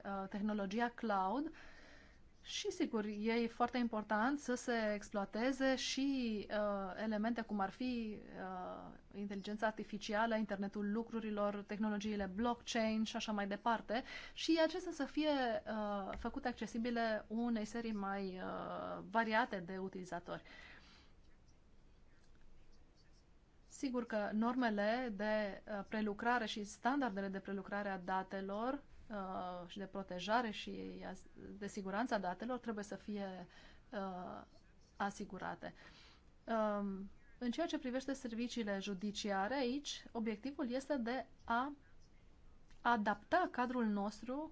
uh, tehnologia cloud și sigur, e foarte important să se exploateze și uh, elemente cum ar fi uh, inteligența artificială, internetul lucrurilor, tehnologiile blockchain și așa mai departe și acestea să fie uh, făcute accesibile unei serii mai uh, variate de utilizatori. Sigur că normele de uh, prelucrare și standardele de prelucrare a datelor Uh, și de protejare și de a datelor trebuie să fie uh, asigurate. Um, în ceea ce privește serviciile judiciare, aici obiectivul este de a adapta cadrul nostru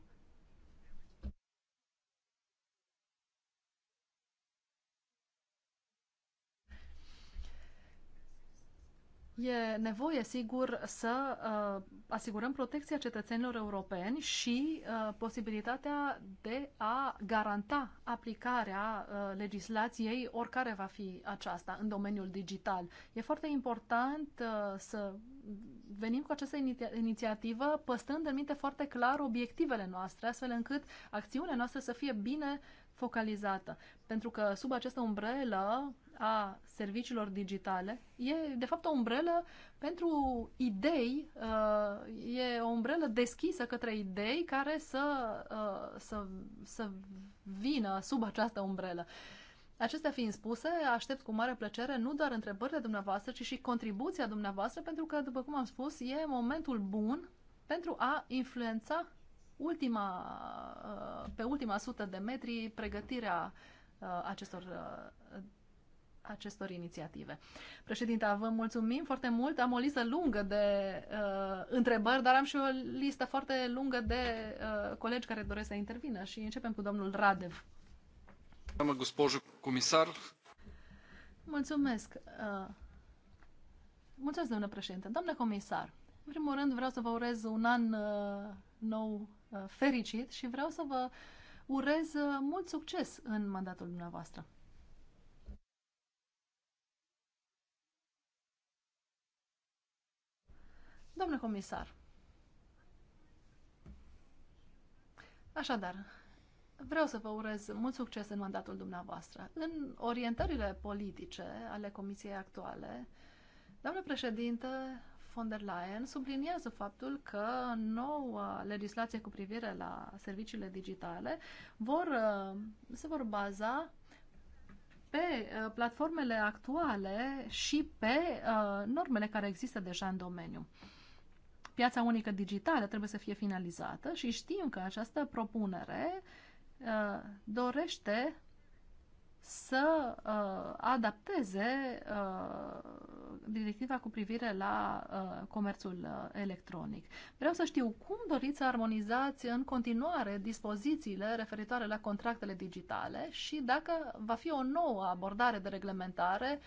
E nevoie, sigur, să uh, asigurăm protecția cetățenilor europeni și uh, posibilitatea de a garanta aplicarea uh, legislației, oricare va fi aceasta, în domeniul digital. E foarte important uh, să venim cu această iniția- inițiativă, păstrând în minte foarte clar obiectivele noastre, astfel încât acțiunile noastre să fie bine uh, focalizată. Pentru că sub această umbrelă a serviciilor digitale e, de fapt, o umbrelă pentru idei, uh, e o umbrelă deschisă către idei care să, uh, să, să vină sub această umbrelă. Acestea fiind spuse, aștept cu mare plăcere nu doar întrebările dumneavoastră, ci și contribuția dumneavoastră, pentru că, după cum am spus, e momentul bun pentru a influența ultima, uh, pe ultima sută de metri pregătirea uh, acestor, uh, acestor inițiative. Președinte, vă mulțumim foarte mult. Am o listă lungă de uh, întrebări, dar am și o listă foarte lungă de uh, colegi care doresc să intervină și începem cu domnul Radev. Doamnă госпожо comisar. Mulțumesc. Uh, mulțumesc, domnule președinte. Domnule comisar, în primul rând vreau să vă urez un an uh, nou uh, fericit și vreau să vă urez uh, mult succes în mandatul dumneavoastră. Domnule comisar, așadar, vreau să vă urez mult succes în mandatul dumneavoastră. În orientările politice ale comisiei actuale, doamnă președinte, von der Leyen subliniază faptul că noua legislație cu privire la serviciile digitale vor, uh, se vor baza pe uh, platformele actuale și pe uh, normele care există deja în domeniu. Piața unică digitală trebuie să fie finalizată și știm că această propunere dorește să adapteze directiva cu privire la uh, comerțul uh, electronic. Vreau să știu cum doriți să armonizați în continuare dispozițiile referitoare la contractele digitale și dacă va fi o nouă abordare de reglementare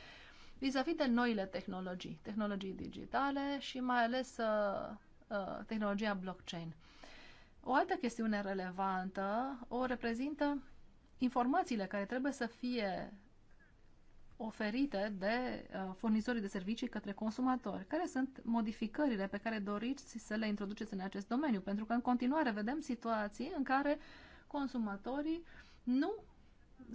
vis-a-vis -vis de noile tehnologii, tehnologii digitale și mai ales uh, uh, tehnologia blockchain. O altă chestiune relevantă o reprezintă informațiile care trebuie să fie oferite de uh, furnizorii de servicii către consumatori. Care sunt modificările pe care doriți să le introduceți în acest domeniu? Pentru că în continuare vedem situații în care consumatorii nu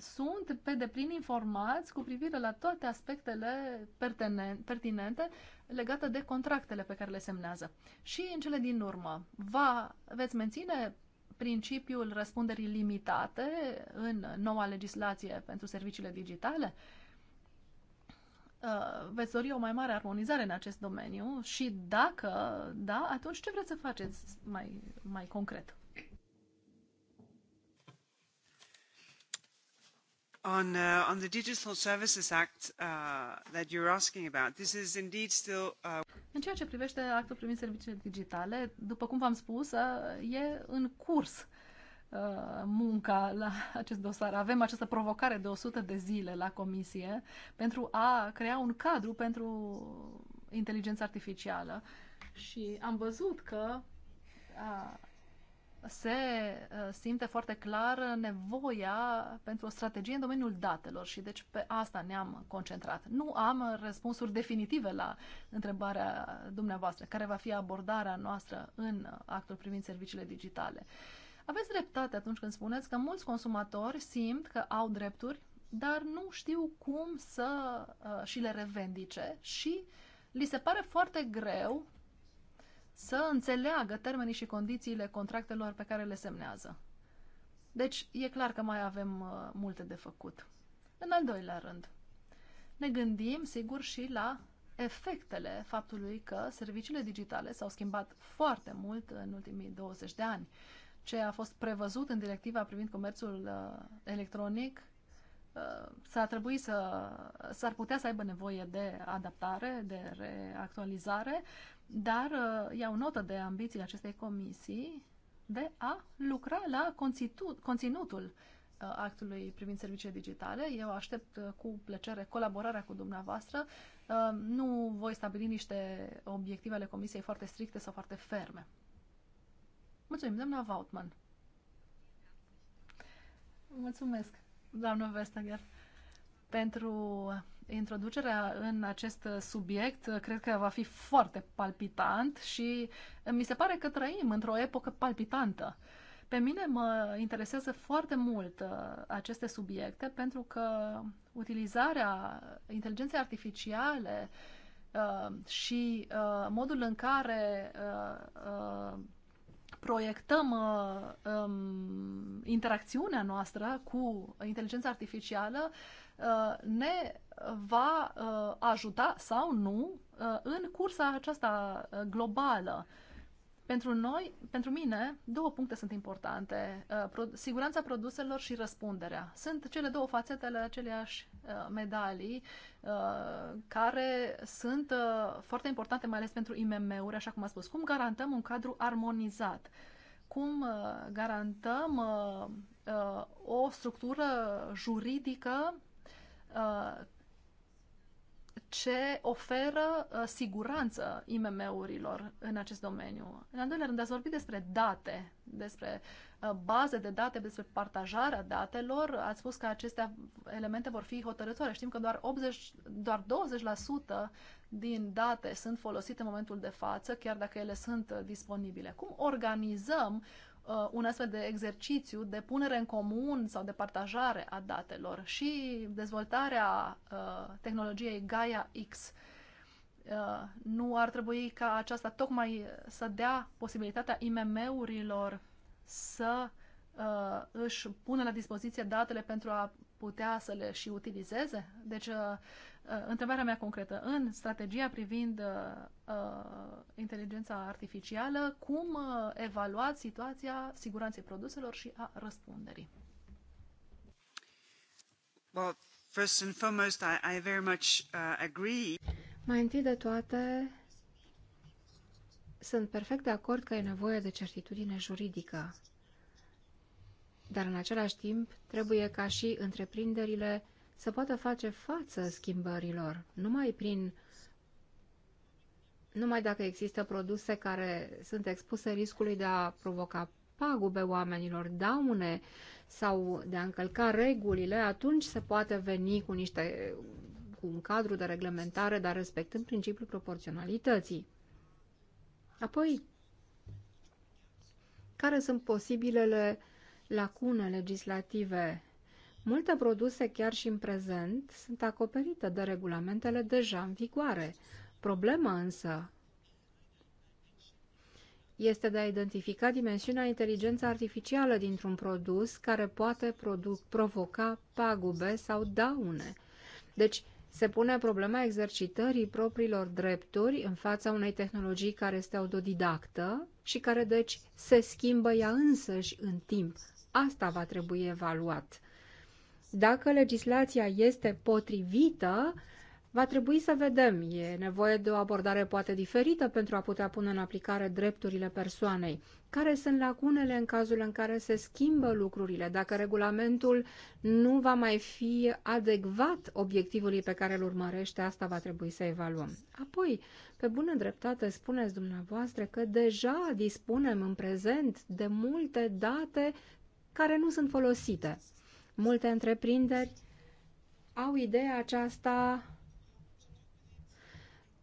sunt pe deplin informați cu privire la toate aspectele pertinente legate de contractele pe care le semnează. Și în cele din urmă, va, veți menține principiul răspunderii limitate în noua legislație pentru serviciile digitale? Uh, veți dori o mai mare armonizare în acest domeniu și dacă da, atunci ce vreți să faceți mai, mai concret? On, uh, on the Digital Services Act uh, that you're asking about, this is indeed still. Uh... În ceea ce privește actul privind serviciile digitale, după cum v-am spus, uh, e în curs. Uh, munca la acest dosar. Avem această provocare de 100 de zile la comisie pentru a crea un cadru pentru inteligența artificială. Și am văzut că a, uh, se uh, simte foarte clar nevoia pentru o strategie în domeniul datelor și deci pe asta ne-am concentrat. Nu am răspunsuri definitive la întrebarea dumneavoastră, care va fi abordarea noastră în actul privind serviciile digitale. Uh, aveți dreptate atunci când spuneți că mulți consumatori simt că au drepturi, dar nu știu cum să uh, și le revendice și li se pare foarte greu să înțeleagă termenii și condițiile contractelor pe care le semnează. Deci, e clar că mai avem uh, multe de făcut. În al doilea rând, ne gândim, sigur, și la efectele faptului că serviciile digitale s-au schimbat foarte mult în ultimii 20 de ani. Uh, ce a fost prevăzut în directiva privind comerțul uh, electronic uh, s-ar trebui să, s-ar putea să aibă nevoie de adaptare, de reactualizare, dar uh, iau notă de ambițiile acestei comisii de a lucra la conținut, conținutul uh, actului privind serviciile digitale. Eu aștept uh, cu plăcere colaborarea cu dumneavoastră. Uh, nu voi stabili niște obiective ale comisiei foarte stricte sau foarte ferme. Mulțumim, doamna Vautman. Mulțumesc, doamna Vestager, pentru introducerea în acest subiect. Cred că va fi foarte palpitant și mi se pare că trăim într-o epocă palpitantă. Pe mine mă interesează foarte mult uh, aceste subiecte pentru că utilizarea inteligenței artificiale uh, și uh, modul în care proiectăm uh, um, interacțiunea noastră cu inteligența artificială, uh, ne va uh, ajuta sau nu uh, în cursa aceasta uh, globală. Uh, pentru noi, pentru mine, două puncte sunt importante. Uh, siguranța produselor și răspunderea. Sunt cele două fațete ale aceleași uh, medalii uh, care sunt foarte importante, mai ales pentru IMM-uri, așa cum a spus. Cum garantăm un cadru armonizat? Cum garantăm o structură juridică ce oferă uh, siguranță IMM-urilor în acest domeniu. În al doilea rând, ați vorbit despre date, despre uh, baze de date, despre partajarea datelor. Ați spus că aceste elemente vor fi hotărătoare. Știm că doar, 80, doar 20% din date sunt folosite în momentul de față, chiar dacă ele sunt uh, disponibile. Cum organizăm uh, un astfel de exercițiu de punere în comun sau de partajare a datelor și dezvoltarea uh, tehnologiei Gaia X uh, nu ar trebui ca aceasta tocmai să dea posibilitatea IMM-urilor să uh, își pună la dispoziție datele pentru a putea să le și utilizeze? Deci, uh, uh, întrebarea mea concretă, în strategia privind uh, inteligența artificială, cum evaluați situația siguranței produselor și a răspunderii? Well, first and foremost, I, I very much uh, agree. Mai întâi de toate, sunt perfect de acord că e nevoie de certitudine juridică dar în același timp trebuie ca și întreprinderile să poată face față schimbărilor, numai prin numai dacă există produse care sunt expuse riscului de a provoca pagube oamenilor, daune sau de a încălca regulile, atunci se poate veni cu niște cu un cadru de reglementare, dar respectând principiul proporționalității. Apoi, care sunt posibilele lacune legislative. Multe produse, chiar și în prezent, sunt acoperite de regulamentele deja în vigoare. Problema însă este de a identifica dimensiunea inteligenței artificială dintr-un produs care poate produc, provoca pagube sau daune. Deci, se pune problema exercitării propriilor drepturi în fața unei tehnologii care este autodidactă și care, deci, se schimbă ea însăși în timp, Asta va trebui evaluat. Dacă legislația este potrivită, va trebui să vedem. E nevoie de o abordare poate diferită pentru a putea pune în aplicare drepturile persoanei. Care sunt lacunele în cazul în care se schimbă lucrurile? Dacă regulamentul nu va mai fi adecvat obiectivului pe care îl urmărește, asta va trebui să evaluăm. Apoi, pe bună dreptate, spuneți dumneavoastră că deja dispunem în prezent de multe date care nu sunt folosite. Multe întreprinderi au ideea aceasta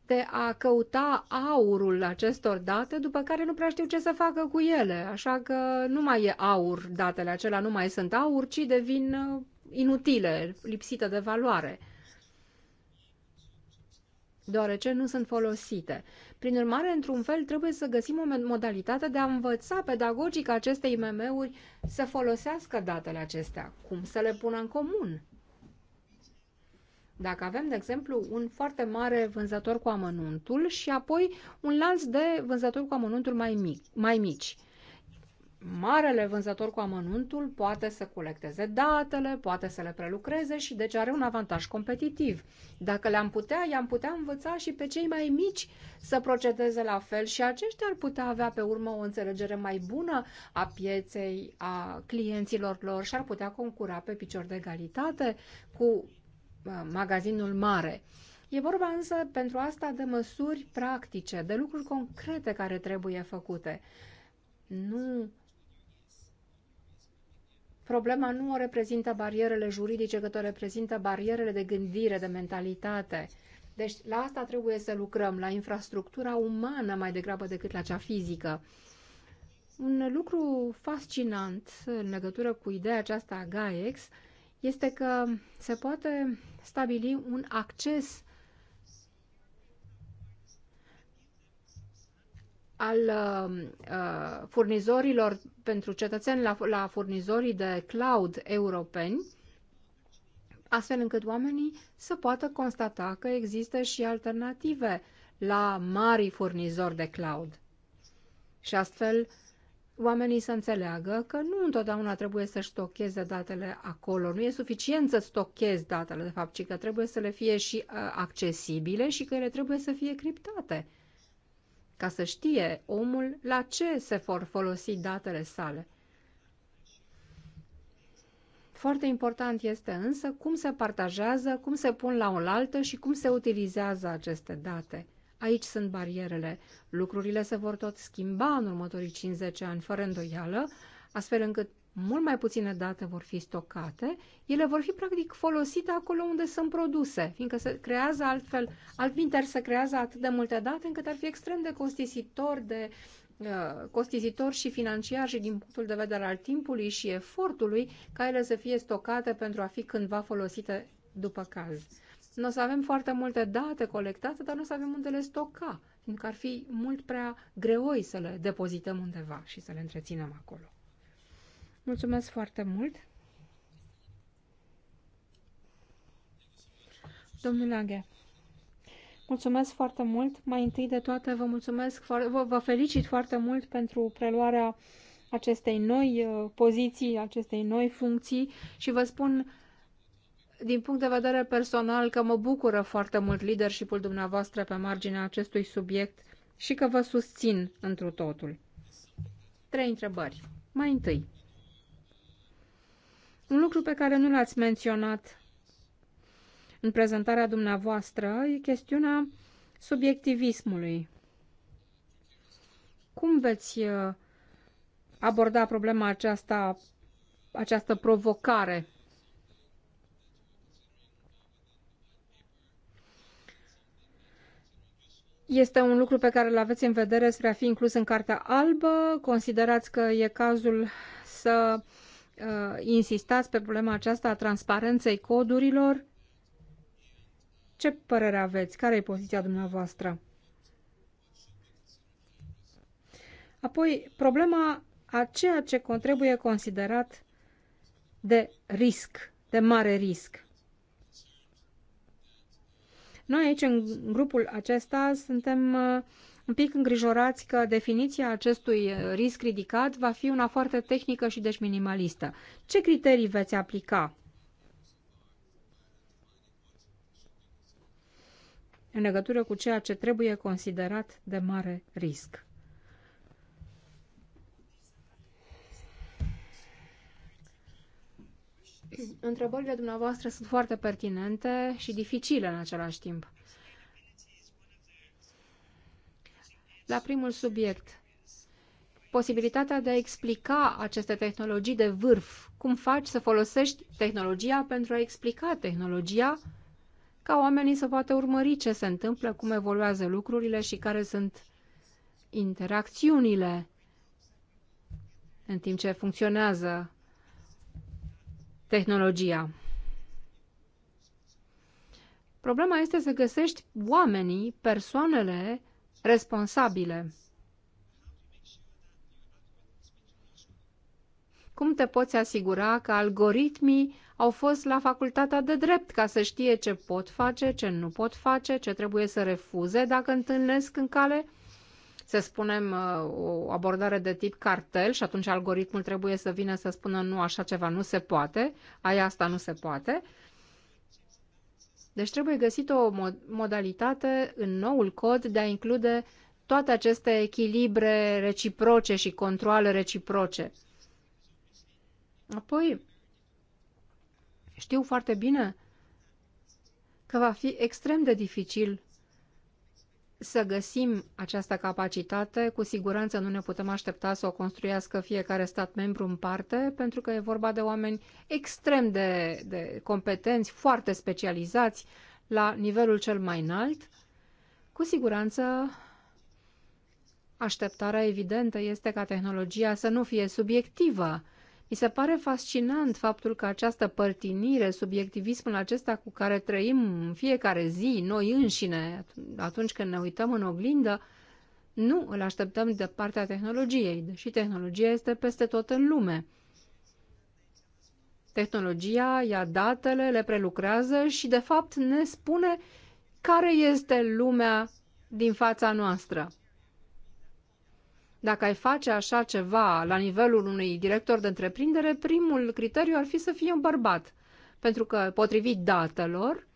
de a căuta aurul acestor date, după care nu prea știu ce să facă cu ele. Așa că nu mai e aur, datele acelea nu mai sunt aur, ci devin uh, inutile, lipsite de valoare deoarece nu sunt folosite. Prin urmare, într-un fel, trebuie să găsim o modalitate de a învăța pedagogic aceste IMM-uri să folosească datele acestea, cum să le pună în comun. Dacă avem, de exemplu, un foarte mare vânzător cu amănuntul și apoi un lanț de vânzători cu amănuntul mai, mic, mai mici marele vânzător cu amănuntul poate să colecteze datele, poate să le prelucreze și deci are un avantaj competitiv. Dacă le-am putea, i-am putea învăța și pe cei mai mici să procedeze la fel și aceștia ar putea avea pe urmă o înțelegere mai bună a pieței, a clienților lor și ar putea concura pe picior de egalitate cu uh, magazinul mare. E vorba însă pentru asta de măsuri practice, de lucruri concrete care trebuie făcute. Nu problema nu o reprezintă barierele juridice, cât o reprezintă barierele de gândire, de mentalitate. Deci la asta trebuie să lucrăm, la infrastructura umană mai degrabă decât la cea fizică. Un lucru fascinant în legătură cu ideea aceasta a GAEX este că se poate stabili un acces al uh, furnizorilor pentru cetățeni la, la furnizorii de cloud europeni, astfel încât oamenii să poată constata că există și alternative la mari furnizori de cloud. Și astfel oamenii să înțeleagă că nu întotdeauna trebuie să stocheze datele acolo. Nu e suficient să stochezi datele, de fapt, ci că trebuie să le fie și uh, accesibile și că ele trebuie să fie criptate ca să știe omul la ce se vor folosi datele sale. Foarte important este însă cum se partajează, cum se pun la oaltă și cum se utilizează aceste date. Aici sunt barierele. Lucrurile se vor tot schimba în următorii 50 ani, fără îndoială, astfel încât mult mai puține date vor fi stocate, ele vor fi practic folosite acolo unde sunt produse, fiindcă se creează altfel, altminteri se creează atât de multe date încât ar fi extrem de costisitor de uh, costisitor și financiar și din punctul de vedere al timpului și efortului ca ele să fie stocate pentru a fi cândva folosite după caz. Nu o să avem foarte multe date colectate, dar nu o să avem unde le stoca, fiindcă ar fi mult prea greoi să le depozităm undeva și să le întreținem acolo. Mulțumesc foarte mult! domnul Anghe, mulțumesc foarte mult. Mai întâi de toate vă mulțumesc, vă, vă felicit foarte mult pentru preluarea acestei noi uh, poziții, acestei noi funcții și vă spun din punct de vedere personal că mă bucură foarte mult leadership-ul dumneavoastră pe marginea acestui subiect și că vă susțin întru totul. Trei întrebări. Mai întâi, un lucru pe care nu l-ați menționat în prezentarea dumneavoastră e chestiunea subiectivismului. Cum veți uh, aborda problema aceasta, această provocare? Este un lucru pe care îl aveți în vedere spre a fi inclus în Cartea Albă? Considerați că e cazul să uh, Uh, insistați pe problema aceasta a transparenței codurilor. Ce părere aveți? Care e poziția dumneavoastră? Apoi, problema a ceea ce contribuie considerat de risc, de mare risc. Noi aici, în grupul acesta, suntem uh, un pic îngrijorați că definiția acestui risc ridicat va fi una foarte tehnică și deci minimalistă. Ce criterii veți aplica în legătură cu ceea ce trebuie considerat de mare risc? Întrebările dumneavoastră sunt foarte pertinente și dificile în același timp. la primul subiect, posibilitatea de a explica aceste tehnologii de vârf. Cum faci să folosești tehnologia pentru a explica tehnologia ca oamenii să poată urmări ce se întâmplă, cum evoluează lucrurile și care sunt interacțiunile în timp ce funcționează tehnologia. Problema este să găsești oamenii, persoanele responsabile. Cum te poți asigura că algoritmii au fost la facultatea de drept ca să știe ce pot face, ce nu pot face, ce trebuie să refuze dacă întâlnesc în cale, să spunem, uh, o abordare de tip cartel și atunci algoritmul trebuie să vină să spună nu, așa ceva nu se poate, aia asta nu se poate. Deci trebuie găsit o modalitate în noul cod de a include toate aceste echilibre reciproce și controle reciproce. Apoi, știu foarte bine că va fi extrem de dificil să găsim această capacitate, cu siguranță nu ne putem aștepta să o construiască fiecare stat membru în parte, pentru că e vorba de oameni extrem de, de competenți, foarte specializați la nivelul cel mai înalt. Cu siguranță, așteptarea evidentă este ca tehnologia să nu fie subiectivă, mi se pare fascinant faptul că această părtinire, subiectivismul acesta cu care trăim în fiecare zi, noi înșine, atunci când ne uităm în oglindă, nu îl așteptăm de partea tehnologiei, deși tehnologia este peste tot în lume. Tehnologia ia datele, le prelucrează și, de fapt, ne spune care este lumea din fața noastră. Dacă ai face așa ceva la nivelul unui director de întreprindere, primul criteriu ar fi să fie un bărbat. Pentru că, potrivit datelor,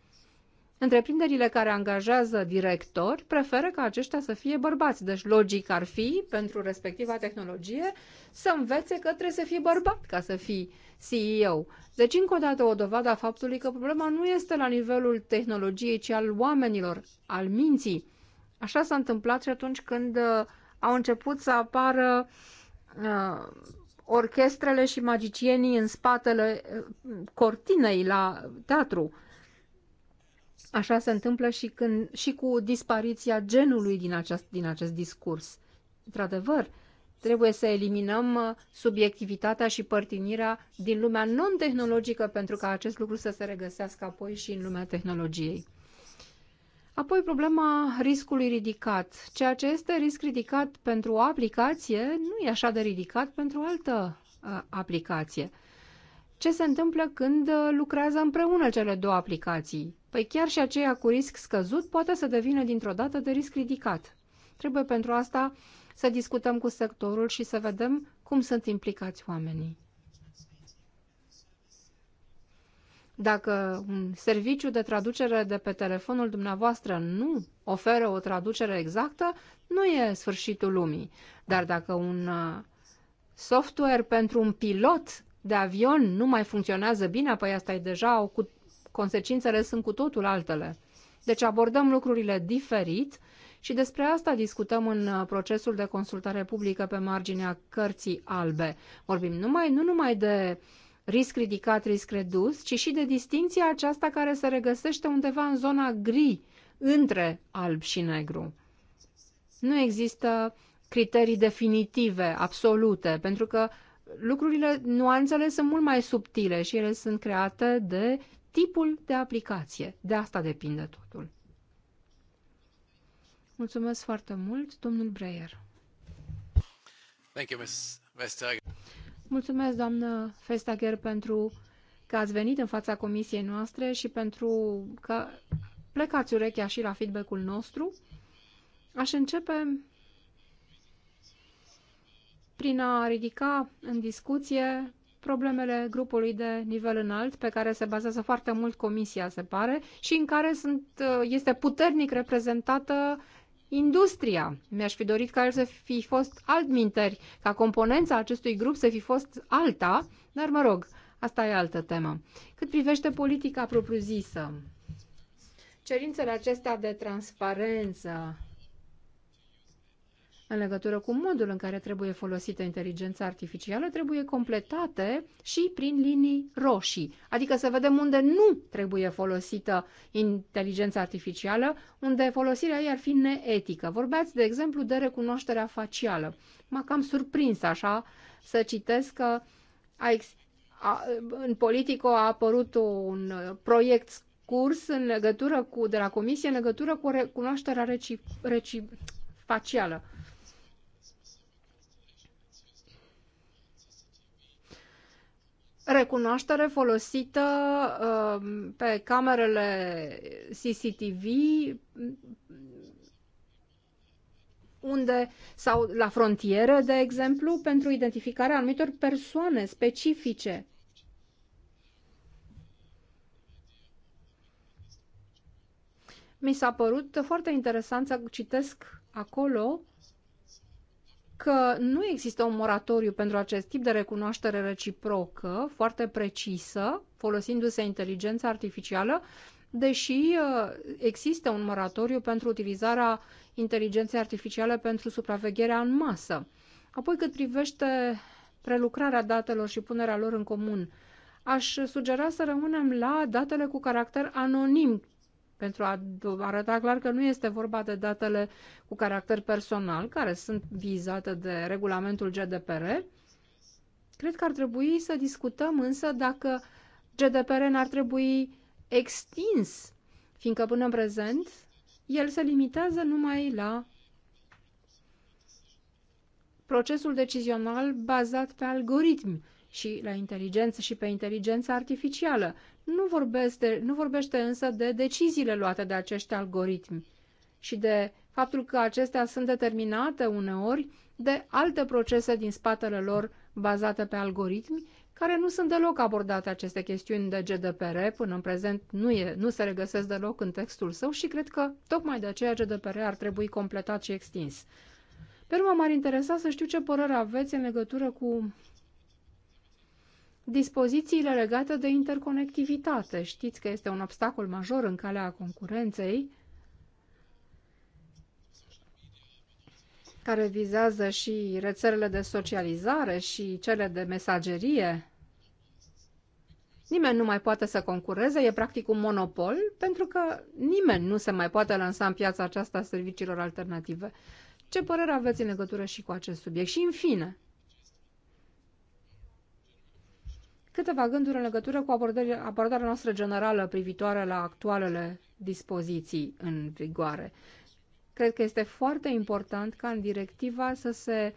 întreprinderile care angajează directori preferă ca aceștia să fie bărbați. Deci, logic ar fi, pentru respectiva tehnologie, să învețe că trebuie să fie bărbat ca să fii CEO. Deci, încă o dată, o dovadă a faptului că problema nu este la nivelul tehnologiei, ci al oamenilor, al minții. Așa s-a întâmplat și atunci când uh, au început să apară uh, orchestrele și magicienii în spatele uh, cortinei la teatru. Așa se întâmplă și, când, și cu dispariția genului din acest, din acest discurs. Într-adevăr, trebuie să eliminăm uh, subiectivitatea și părtinirea din lumea non-tehnologică pentru ca acest lucru să se regăsească apoi și în lumea tehnologiei. Apoi problema riscului ridicat. Ceea ce este risc ridicat pentru o aplicație nu e așa de ridicat pentru o altă aplicație. Ce se întâmplă când uh, lucrează împreună cele două aplicații? Păi chiar și aceea cu risc scăzut poate să devină dintr-o dată de risc ridicat. Trebuie pentru asta să discutăm cu sectorul și să vedem cum sunt implicați oamenii. Dacă un serviciu de traducere de pe telefonul dumneavoastră nu oferă o traducere exactă, nu e sfârșitul lumii. Dar dacă un uh, software pentru un pilot de avion nu mai funcționează bine, apoi asta e deja, o cu... consecințele sunt cu totul altele. Deci abordăm lucrurile diferit și despre asta discutăm în uh, procesul de consultare publică pe marginea cărții albe. Vorbim numai, nu numai de uh, risc ridicat, risc redus, ci și de distinția aceasta care se regăsește undeva în zona gri, între alb și negru. Nu există criterii definitive, absolute, pentru că lucrurile, nuanțele sunt mult mai subtile și ele sunt create de tipul de aplicație. De asta depinde totul. Mulțumesc foarte mult, domnul Breyer. Thank you, Ms. Vestager. Mulțumesc, doamnă Festager, pentru că ați venit în fața comisiei noastre și pentru că plecați urechea și la feedback-ul nostru. Aș începe prin a ridica în discuție problemele grupului de nivel înalt, pe care se bazează foarte mult comisia, se pare, și în care sunt, este puternic reprezentată industria. Mi-aș fi dorit ca el să fi fost minteri, ca componența acestui grup să fi fost alta, dar mă rog, asta e altă temă. Cât privește politica propriu-zisă, cerințele acestea de transparență, în legătură cu modul în care trebuie folosită inteligența artificială trebuie completate și prin linii roșii. Adică să vedem unde nu trebuie folosită inteligența artificială, unde folosirea ei ar fi neetică. Vorbeați, de exemplu, de recunoașterea facială. M-a cam surprins așa să citesc că a, a, în Politico a apărut un proiect curs în legătură cu, de la comisie în legătură cu recunoașterea reci, reci, facială. recunoaștere folosită uh, pe camerele CCTV unde, sau la frontiere, de exemplu, pentru identificarea anumitor persoane specifice. Mi s-a părut foarte interesant să citesc acolo că nu există un moratoriu pentru acest tip de recunoaștere reciprocă, foarte precisă, folosindu-se inteligența artificială, deși uh, există un moratoriu pentru utilizarea inteligenței artificiale pentru supravegherea în masă. Apoi, cât privește prelucrarea datelor și punerea lor în comun, aș sugera să rămânem la datele cu caracter anonim, pentru a arăta clar că nu este vorba de datele cu caracter personal, care sunt vizate de regulamentul GDPR. Cred că ar trebui să discutăm însă dacă GDPR n-ar trebui extins, fiindcă până în prezent el se limitează numai la procesul decizional bazat pe algoritmi și la inteligență și pe inteligență artificială. Nu, vorbește, nu vorbește însă de deciziile luate de acești algoritmi și de faptul că acestea sunt determinate uneori de alte procese din spatele lor bazate pe algoritmi, care nu sunt deloc abordate aceste chestiuni de GDPR, până în prezent nu, e, nu se regăsesc deloc în textul său și cred că tocmai de aceea GDPR ar trebui completat și extins. Pe urmă m-ar interesa să știu ce părere aveți în legătură cu dispozițiile legate de interconectivitate. Știți că este un obstacol major în calea concurenței care vizează și rețelele de socializare și cele de mesagerie. Nimeni nu mai poate să concureze, e practic un monopol, pentru că nimeni nu se mai poate lansa în piața aceasta a serviciilor alternative. Ce părere aveți în legătură și cu acest subiect? Și în fine, Câteva gânduri în legătură cu abordarea noastră generală privitoare la actualele dispoziții în vigoare. Cred că este foarte important ca în directiva să se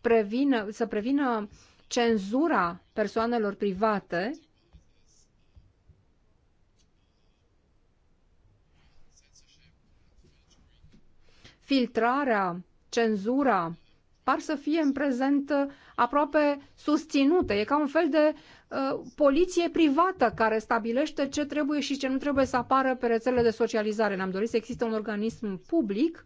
prevină, să prevină cenzura persoanelor private filtrarea, cenzura par să fie în prezent aproape susținute. E ca un fel de Uh, poliție privată care stabilește ce trebuie și ce nu trebuie să apară pe rețelele de socializare. Ne-am dorit să existe un organism public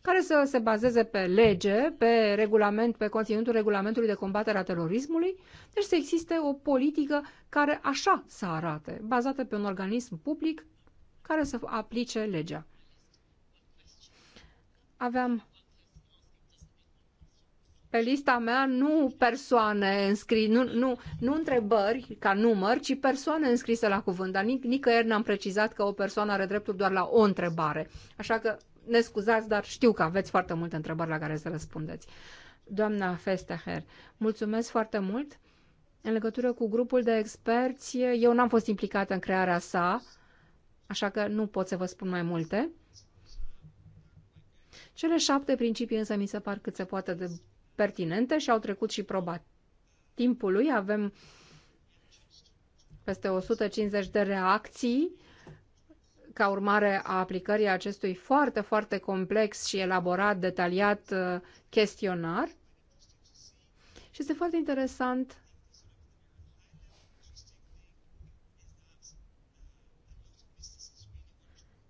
care să se bazeze pe lege, pe regulament, pe conținutul regulamentului de combatere a terorismului, deci să existe o politică care așa să arate, bazată pe un organism public care să aplice legea. Aveam pe lista mea nu persoane înscrise, nu, nu, nu întrebări ca număr, ci persoane înscrise la cuvânt. Dar nic- nicăieri n-am precizat că o persoană are dreptul doar la o întrebare. Așa că ne scuzați, dar știu că aveți foarte multe întrebări la care să răspundeți. Doamna Festeher, mulțumesc foarte mult. În legătură cu grupul de experți, eu n-am fost implicată în crearea sa, așa că nu pot să vă spun mai multe. Cele șapte principii însă mi se par cât se poate de pertinente și au trecut și proba timpului. Avem peste 150 de reacții ca urmare a aplicării acestui foarte, foarte complex și elaborat, detaliat uh, chestionar. Și este foarte interesant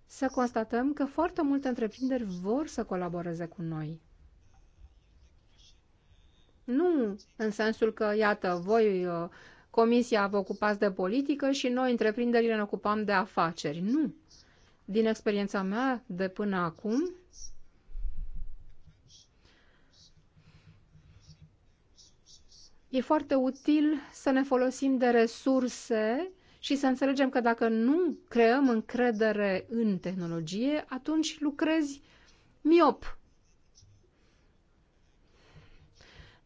să constatăm că foarte multe întreprinderi vor să colaboreze cu noi. Nu în sensul că, iată, voi, uh, comisia, vă ocupați de politică și noi, întreprinderile, ne ocupam de afaceri. Nu. Din experiența mea de până acum, e foarte util să ne folosim de resurse și să înțelegem că dacă nu creăm încredere în tehnologie, atunci lucrezi miop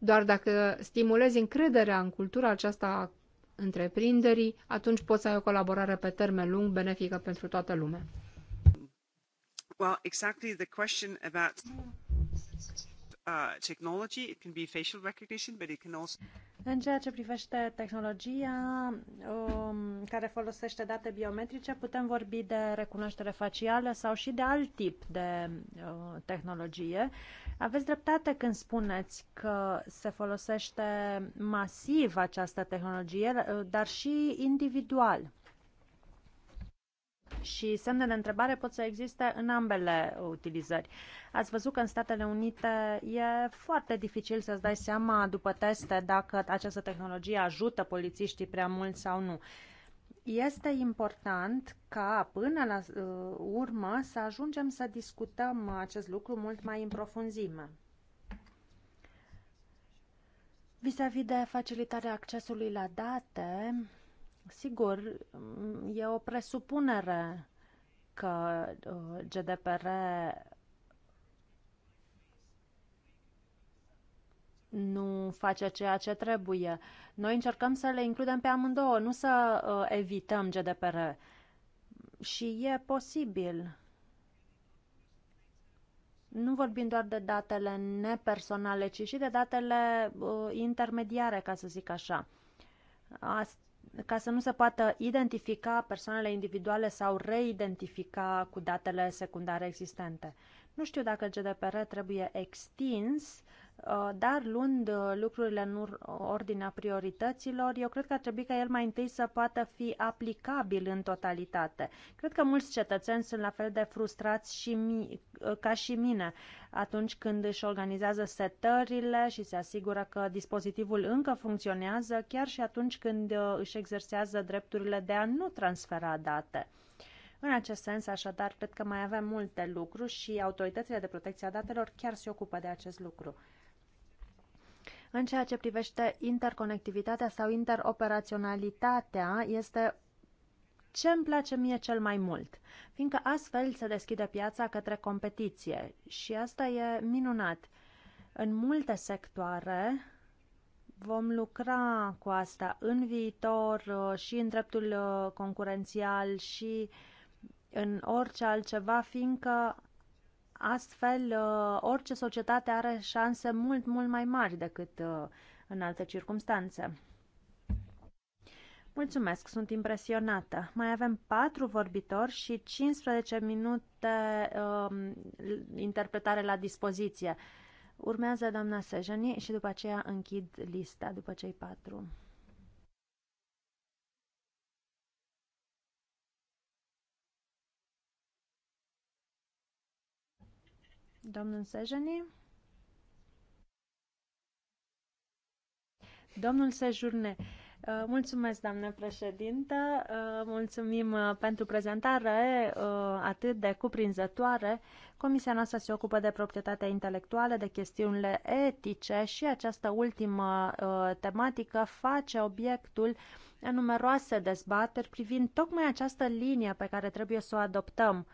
Doar dacă stimulezi încrederea în cultura aceasta a întreprinderii, atunci poți să ai o colaborare pe termen lung benefică pentru toată lumea. Well, exactly the question about... Uh, technology, it can be facial recognition, but it can also... În ceea ce privește tehnologia um, care folosește date biometrice, putem vorbi de recunoaștere facială sau și de alt tip de uh, tehnologie. Aveți dreptate când spuneți că se folosește masiv această tehnologie, uh, dar și individual și semne de întrebare pot să existe în ambele utilizări. Ați văzut că în Statele Unite e foarte dificil să-ți dai seama după teste dacă această tehnologie ajută polițiștii prea mult sau nu. Este important ca până la uh, urmă să ajungem să discutăm acest lucru mult mai în profunzime. Vis-a-vis -vis de facilitarea accesului la date, Sigur, e o presupunere că uh, GDPR nu face ceea ce trebuie. Noi încercăm să le includem pe amândouă, nu să uh, evităm GDPR. Și e posibil. Nu vorbim doar de datele nepersonale, ci și de datele uh, intermediare, ca să zic așa. Asta ca să nu se poată identifica persoanele individuale sau reidentifica cu datele secundare existente. Nu știu dacă GDPR trebuie extins Uh, dar luând uh, lucrurile în ordinea priorităților, eu cred că ar trebui ca el mai întâi să poată fi aplicabil în totalitate. Cred că mulți cetățeni sunt la fel de frustrați și mi, uh, ca și mine atunci când își organizează setările și se asigură că dispozitivul încă funcționează, chiar și atunci când își exersează drepturile de a nu transfera date. În acest sens, așadar, cred că mai avem multe lucruri și autoritățile de protecție a datelor chiar se ocupă de acest lucru. În ceea ce privește interconectivitatea sau interoperaționalitatea, este ce îmi place mie cel mai mult, fiindcă astfel se deschide piața către competiție și asta e minunat. În multe sectoare vom lucra cu asta în viitor uh, și în dreptul uh, concurențial și în orice altceva, fiindcă Astfel, uh, orice societate are șanse mult, mult mai mari decât uh, în alte circunstanțe. Mulțumesc, sunt impresionată. Mai avem patru vorbitori și 15 minute uh, interpretare la dispoziție. Urmează doamna Sejani și după aceea închid lista după cei patru. Domnul Sejani. Domnul Sejurne. Uh, mulțumesc, doamnă președintă. Uh, mulțumim uh, pentru prezentare atât de cuprinzătoare. Comisia noastră se ocupă de proprietatea intelectuală, de chestiunile etice și această ultimă tematică face obiectul numeroase dezbateri privind tocmai această linie pe care trebuie să o adoptăm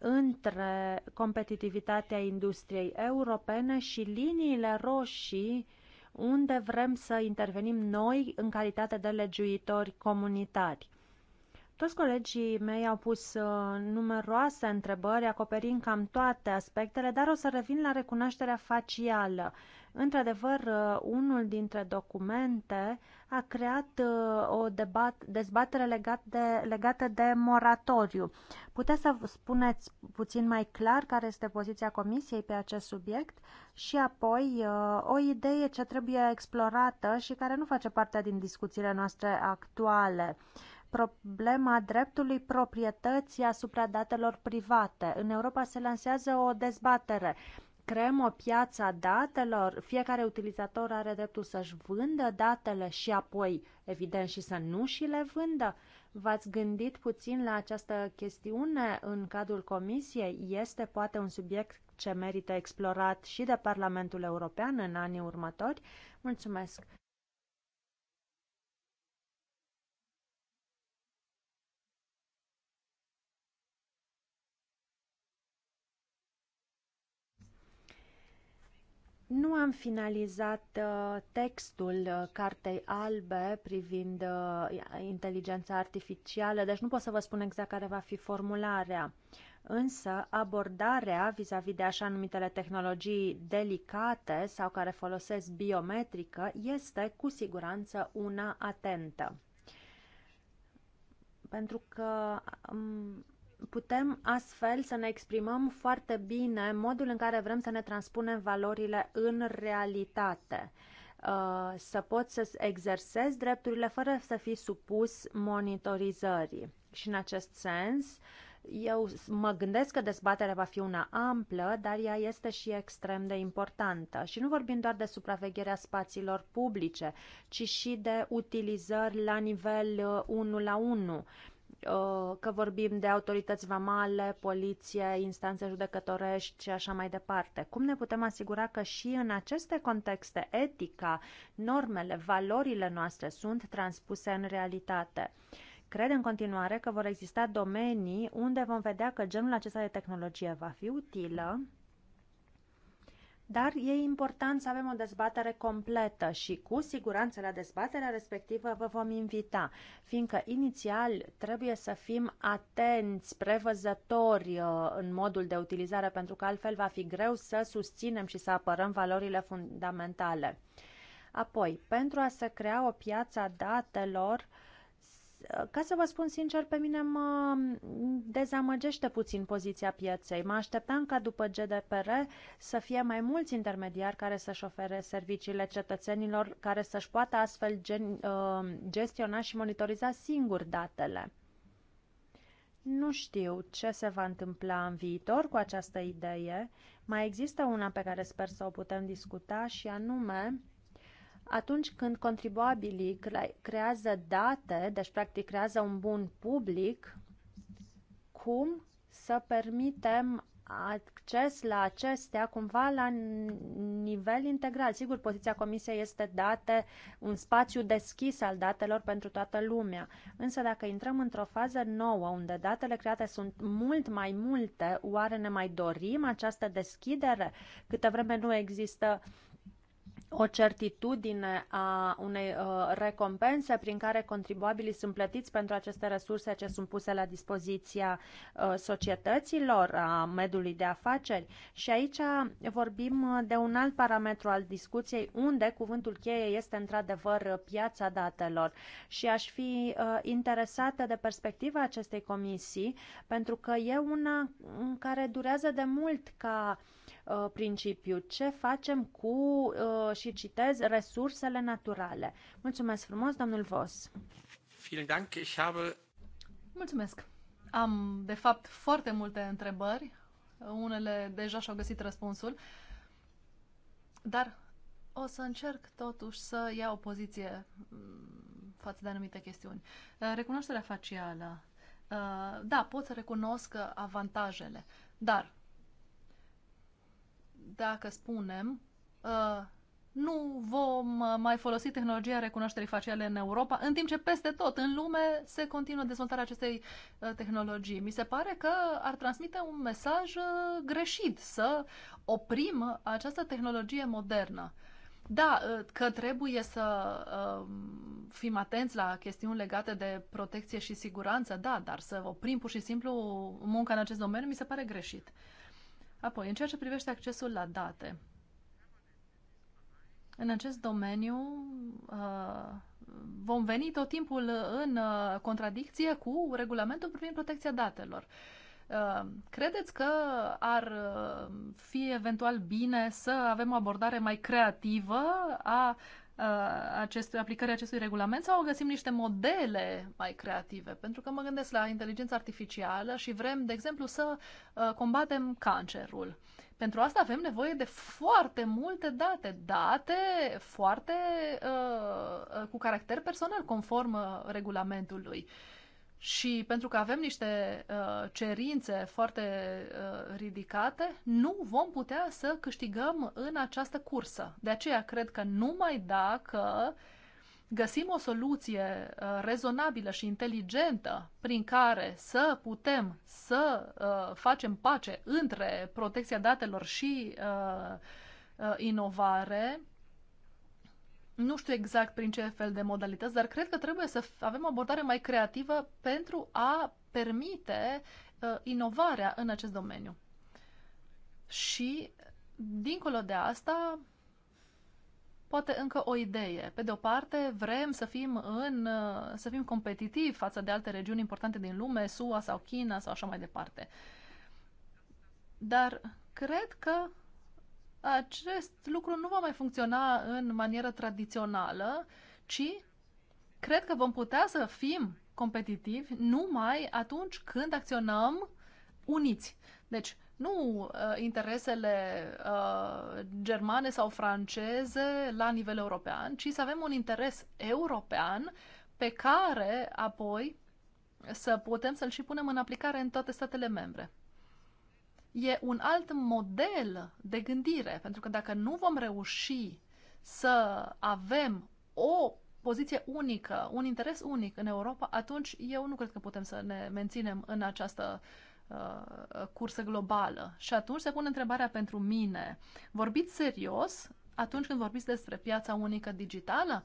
între competitivitatea industriei europene și liniile roșii unde vrem să intervenim noi în calitate de legiuitori comunitari. Toți colegii mei au pus uh, numeroase întrebări, acoperind cam toate aspectele, dar o să revin la recunoașterea facială. Într-adevăr, uh, unul dintre documente a creat uh, o debat, dezbatere legat de, legată de moratoriu. Puteți să spuneți puțin mai clar care este poziția Comisiei pe acest subiect și apoi o idee ce trebuie explorată și care nu face parte din discuțiile noastre actuale problema dreptului proprietății asupra datelor private. În Europa se lansează o dezbatere. Creăm o piață a datelor, fiecare utilizator are dreptul să-și vândă datele și apoi, evident, și să nu și le vândă. V-ați gândit puțin la această chestiune în cadrul Comisiei? Este poate un subiect ce merită explorat și de Parlamentul European în anii următori? Mulțumesc! Nu am finalizat uh, textul uh, cartei albe privind uh, inteligența artificială, deci nu pot să vă spun exact care va fi formularea. Însă, abordarea vis-a-vis -vis de așa numitele tehnologii delicate sau care folosesc biometrică este cu siguranță una atentă. Pentru că um, putem astfel să ne exprimăm foarte bine modul în care vrem să ne transpunem valorile în realitate uh, să poți să exersezi drepturile fără să fii supus monitorizării. Și în acest sens, eu mă gândesc că dezbaterea va fi una amplă, dar ea este și extrem de importantă. Și nu vorbim doar de supravegherea spațiilor publice, ci și de utilizări la nivel 1 uh, la 1 Uh, că vorbim de autorități vamale, poliție, instanțe judecătorești și așa mai departe. Cum ne putem asigura că și în aceste contexte etica, normele, valorile noastre sunt transpuse în realitate? Cred în continuare că vor exista domenii unde vom vedea că genul acesta de tehnologie va fi utilă dar e important să avem o dezbatere completă și cu siguranță la dezbaterea respectivă vă vom invita, fiindcă inițial trebuie să fim atenți, prevăzători uh, în modul de utilizare, pentru că altfel va fi greu să susținem și să apărăm valorile fundamentale. Apoi, pentru a se crea o piață a datelor, Uh, ca să vă spun sincer, pe mine mă dezamăgește puțin poziția pieței. Mă așteptam ca după GDPR să fie mai mulți intermediari care să-și ofere serviciile cetățenilor, care să-și poată astfel gen, uh, gestiona și monitoriza singur datele. Nu știu ce se va întâmpla în viitor cu această idee. Mai există una pe care sper să o putem discuta și anume atunci când contribuabilii creează date, deci practic creează un bun public, cum să permitem acces la acestea cumva la nivel integral. Sigur, poziția Comisiei este date, un spațiu deschis al datelor pentru toată lumea. Însă dacă intrăm într-o fază nouă, unde datele create sunt mult mai multe, oare ne mai dorim această deschidere? Câte vreme nu există uh, o certitudine a unei uh, recompense prin care contribuabilii sunt plătiți pentru aceste resurse ce sunt puse la dispoziția uh, societăților, a mediului de afaceri. Și aici vorbim uh, de un alt parametru al discuției, unde cuvântul cheie este într-adevăr piața datelor. Și aș fi uh, interesată de perspectiva acestei comisii, pentru că e una în care durează de mult ca uh, principiu. Ce facem cu uh, și citez resursele naturale. Mulțumesc frumos, domnul Vos. Mulțumesc. Am, de fapt, foarte multe întrebări. Unele deja și-au găsit răspunsul. Dar o să încerc totuși să iau poziție mm, față de anumite chestiuni. Eh, recunoașterea facială. Eh, da, pot să recunosc avantajele, dar dacă spunem eh, nu vom uh, mai folosi tehnologia recunoașterii faciale în Europa, în timp ce peste tot în lume se continuă dezvoltarea acestei uh, tehnologii. Mi se pare că ar transmite un mesaj uh, greșit să oprim această tehnologie modernă. Da, că trebuie să um, fim atenți la chestiuni legate de protecție și siguranță, da, dar să oprim pur și simplu munca în acest domeniu mi se pare greșit. Apoi, în ceea ce privește accesul la date, în acest domeniu uh, vom veni tot timpul în uh, contradicție cu regulamentul privind protecția datelor. Uh, credeți că ar fi eventual bine să avem o abordare mai creativă a acestui, aplicării acestui regulament sau găsim niște modele mai creative? Pentru că mă gândesc la inteligența artificială și vrem, de exemplu, să combatem cancerul. Pentru asta avem nevoie de foarte multe date, date foarte uh, cu caracter personal, conform uh, regulamentului. Și pentru că avem niște uh, cerințe foarte uh, ridicate, nu vom putea să câștigăm în această cursă. De aceea cred că numai dacă uh, găsim o soluție uh, rezonabilă și inteligentă prin care să putem să uh, facem pace între protecția datelor și uh, uh inovare, nu știu exact prin ce fel de modalități, dar cred că trebuie să avem o abordare mai creativă pentru a permite uh, inovarea în acest domeniu. Și, dincolo de asta, poate încă o idee. Pe de o parte, vrem să fim, în, să fim competitivi față de alte regiuni importante din lume, SUA sau China sau așa mai departe. Dar cred că acest lucru nu va mai funcționa în manieră tradițională, ci cred că vom putea să fim competitivi numai atunci când acționăm uniți. Deci, nu uh, interesele uh, germane sau franceze la nivel european, ci să avem un interes european pe care apoi să putem să-l și punem în aplicare în toate statele membre. E un alt model de gândire, pentru că dacă nu vom reuși să avem o poziție unică, un interes unic în Europa, atunci eu nu cred că putem să ne menținem în această uh, Uh, cursă globală. Și atunci se pune întrebarea pentru mine, vorbiți serios atunci când vorbiți despre piața unică digitală?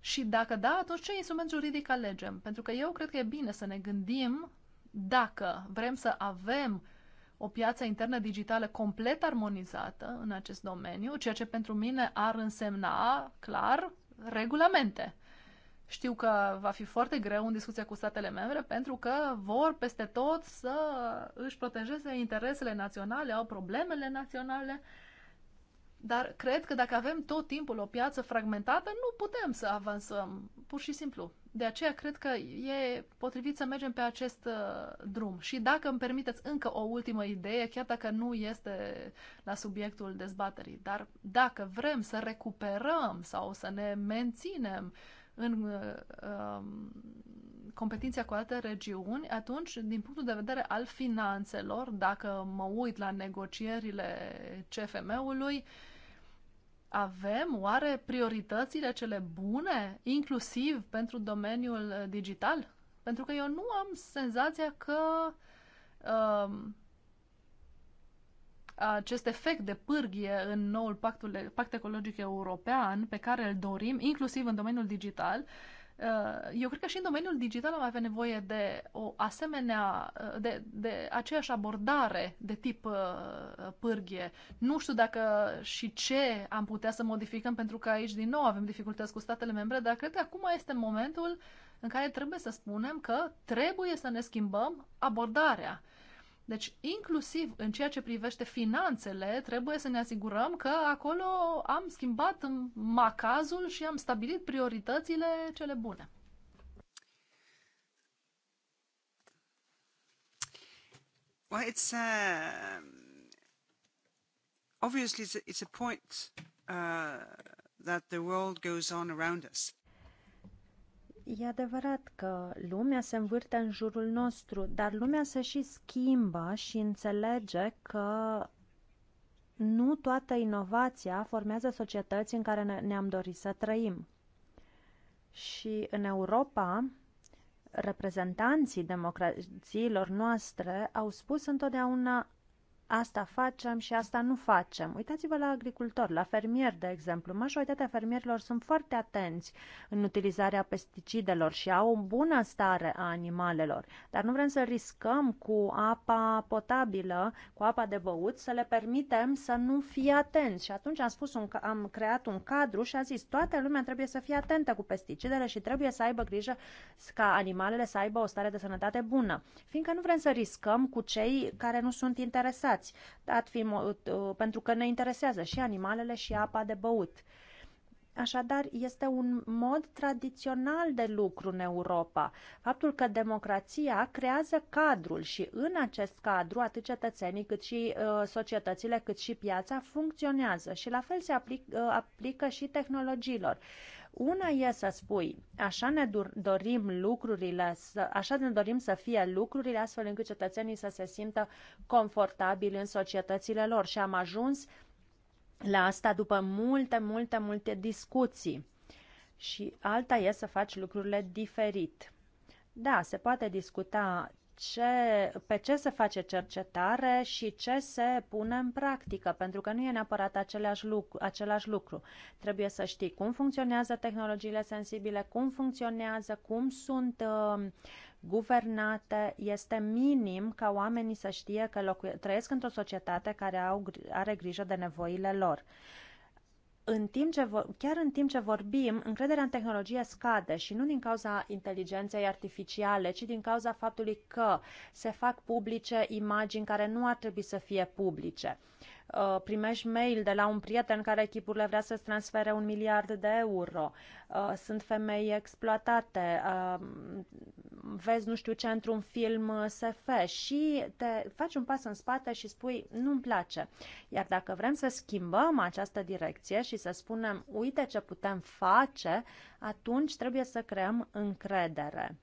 Și dacă da, atunci ce instrument juridic alegem? Pentru că eu cred că e bine să ne gândim dacă vrem să avem o piață internă digitală complet armonizată în acest domeniu, ceea ce pentru mine ar însemna, clar, regulamente. Știu că va fi foarte greu în discuția cu statele membre pentru că vor peste tot să își protejeze interesele naționale, au problemele naționale, dar cred că dacă avem tot timpul o piață fragmentată, nu putem să avansăm, pur și simplu. De aceea cred că e potrivit să mergem pe acest uh, drum. Și dacă îmi permiteți încă o ultimă idee, chiar dacă nu este la subiectul dezbaterii, dar dacă vrem să recuperăm sau să ne menținem uh, în uh, um, competiția cu alte regiuni, atunci, din punctul de vedere al finanțelor, dacă mă uit la negocierile CFM-ului, avem oare prioritățile cele bune, inclusiv pentru domeniul digital? Pentru că eu nu am senzația că um, acest efect de pârghie în noul pactul, pact ecologic european pe care îl dorim, inclusiv în domeniul digital, uh, eu cred că și în domeniul digital am avea nevoie de o asemenea, uh, de, de aceeași abordare de tip uh, pârghie. Nu știu dacă și ce am putea să modificăm, pentru că aici din nou avem dificultăți cu statele membre, dar cred că acum este momentul în care trebuie să spunem că trebuie să ne schimbăm abordarea deci, inclusiv în ceea ce privește finanțele, trebuie să ne asigurăm că acolo am schimbat macazul și am stabilit prioritățile cele bune. Well, it's uh, obviously it's a, it's a point uh, that the world goes on around us. E adevărat că lumea se învârte în jurul nostru, dar lumea se și schimbă și înțelege că nu toată inovația formează societăți în care ne-am dorit să trăim. Și în Europa, reprezentanții democrațiilor noastre au spus întotdeauna asta facem și asta nu facem. Uitați-vă la agricultori, la fermieri, de exemplu. Majoritatea fermierilor sunt foarte atenți în utilizarea pesticidelor și au o bună stare a animalelor, dar nu vrem să riscăm cu apa potabilă, cu apa de băut, să le permitem să nu fie atenți. Și atunci am spus, un, am creat un cadru și a zis, toată lumea trebuie să fie atentă cu pesticidele și trebuie să aibă grijă ca animalele să aibă o stare de sănătate bună, fiindcă nu vrem să riscăm cu cei care nu sunt interesați implicați, dat fi, uh, pentru că ne interesează și animalele și apa de băut. Așadar, este un mod tradițional de lucru în Europa. Faptul că democrația creează cadrul și în acest cadru atât cetățenii cât și uh, societățile cât și piața funcționează și la fel se aplic, uh, aplică și tehnologiilor. Uh, una e să spui, așa ne dorim lucrurile, așa ne dorim să fie lucrurile, astfel încât cetățenii să se simtă confortabili în societățile lor. Și am ajuns la asta după multe, multe, multe discuții. Și alta e să faci lucrurile diferit. Da, se poate discuta ce, pe ce se face cercetare și ce se pune în practică, pentru că nu e neapărat același lucru, același lucru. Trebuie să știi cum funcționează tehnologiile sensibile, cum funcționează, cum sunt uh, guvernate. Este minim ca oamenii să știe că locu- trăiesc într-o societate care au, are grijă de nevoile lor. Uh, în timp ce chiar în timp ce vorbim, încrederea în tehnologie scade și nu din cauza inteligenței artificiale, ci din cauza faptului că se fac publice imagini care nu ar trebui să fie publice. Uh, Uh, primești mail de la un prieten care echipurile vrea să-ți transfere un miliard de euro, uh, sunt femei exploatate, uh, vezi nu știu ce într-un film SF și te faci un pas în spate și spui nu-mi place. Iar dacă vrem să schimbăm această direcție și să spunem uite ce putem face, atunci trebuie să creăm încredere.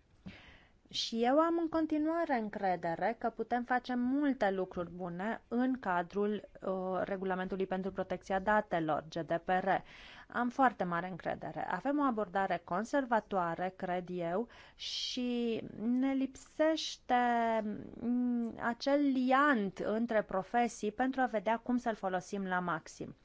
Și eu am în continuare încredere că putem face multe lucruri bune în cadrul uh, Regulamentului pentru Protecția Datelor, GDPR. Am foarte mare încredere. Avem o abordare conservatoare, cred eu, și ne lipsește mm, acel liant între profesii pentru a vedea cum să-l folosim la maxim.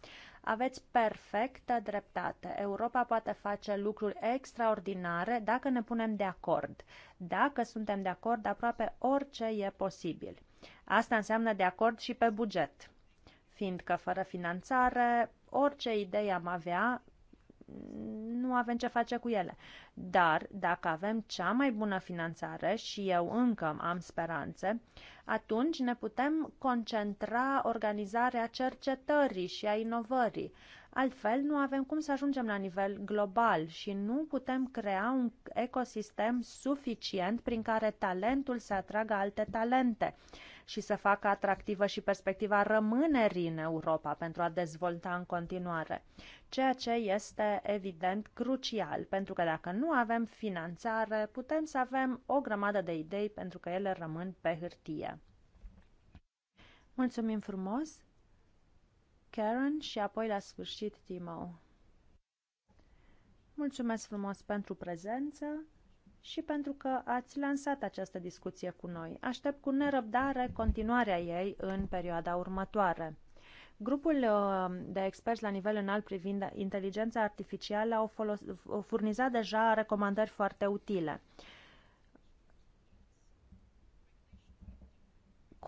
Aveți perfectă dreptate. Europa poate face lucruri extraordinare dacă ne punem de acord. Dacă suntem de acord, aproape orice e posibil. Asta înseamnă de acord și pe buget, fiindcă fără finanțare, orice idee am avea nu avem ce face cu ele. Dar dacă avem cea mai bună finanțare și eu încă am speranțe, atunci ne putem concentra organizarea cercetării și a inovării. Altfel, nu avem cum să ajungem la nivel global și nu putem crea un ecosistem suficient prin care talentul să atragă alte talente și să facă atractivă și perspectiva rămânerii în Europa pentru a dezvolta în continuare, ceea ce este evident crucial, pentru că dacă nu avem finanțare, putem să avem o grămadă de idei pentru că ele rămân pe hârtie. Mulțumim frumos! Karen și apoi la sfârșit Timo. Mulțumesc frumos pentru prezență și pentru că ați lansat această discuție cu noi. Aștept cu nerăbdare continuarea ei în perioada următoare. Grupul uh, de experți la nivel înalt privind inteligența artificială au, folos- au furnizat deja recomandări foarte utile.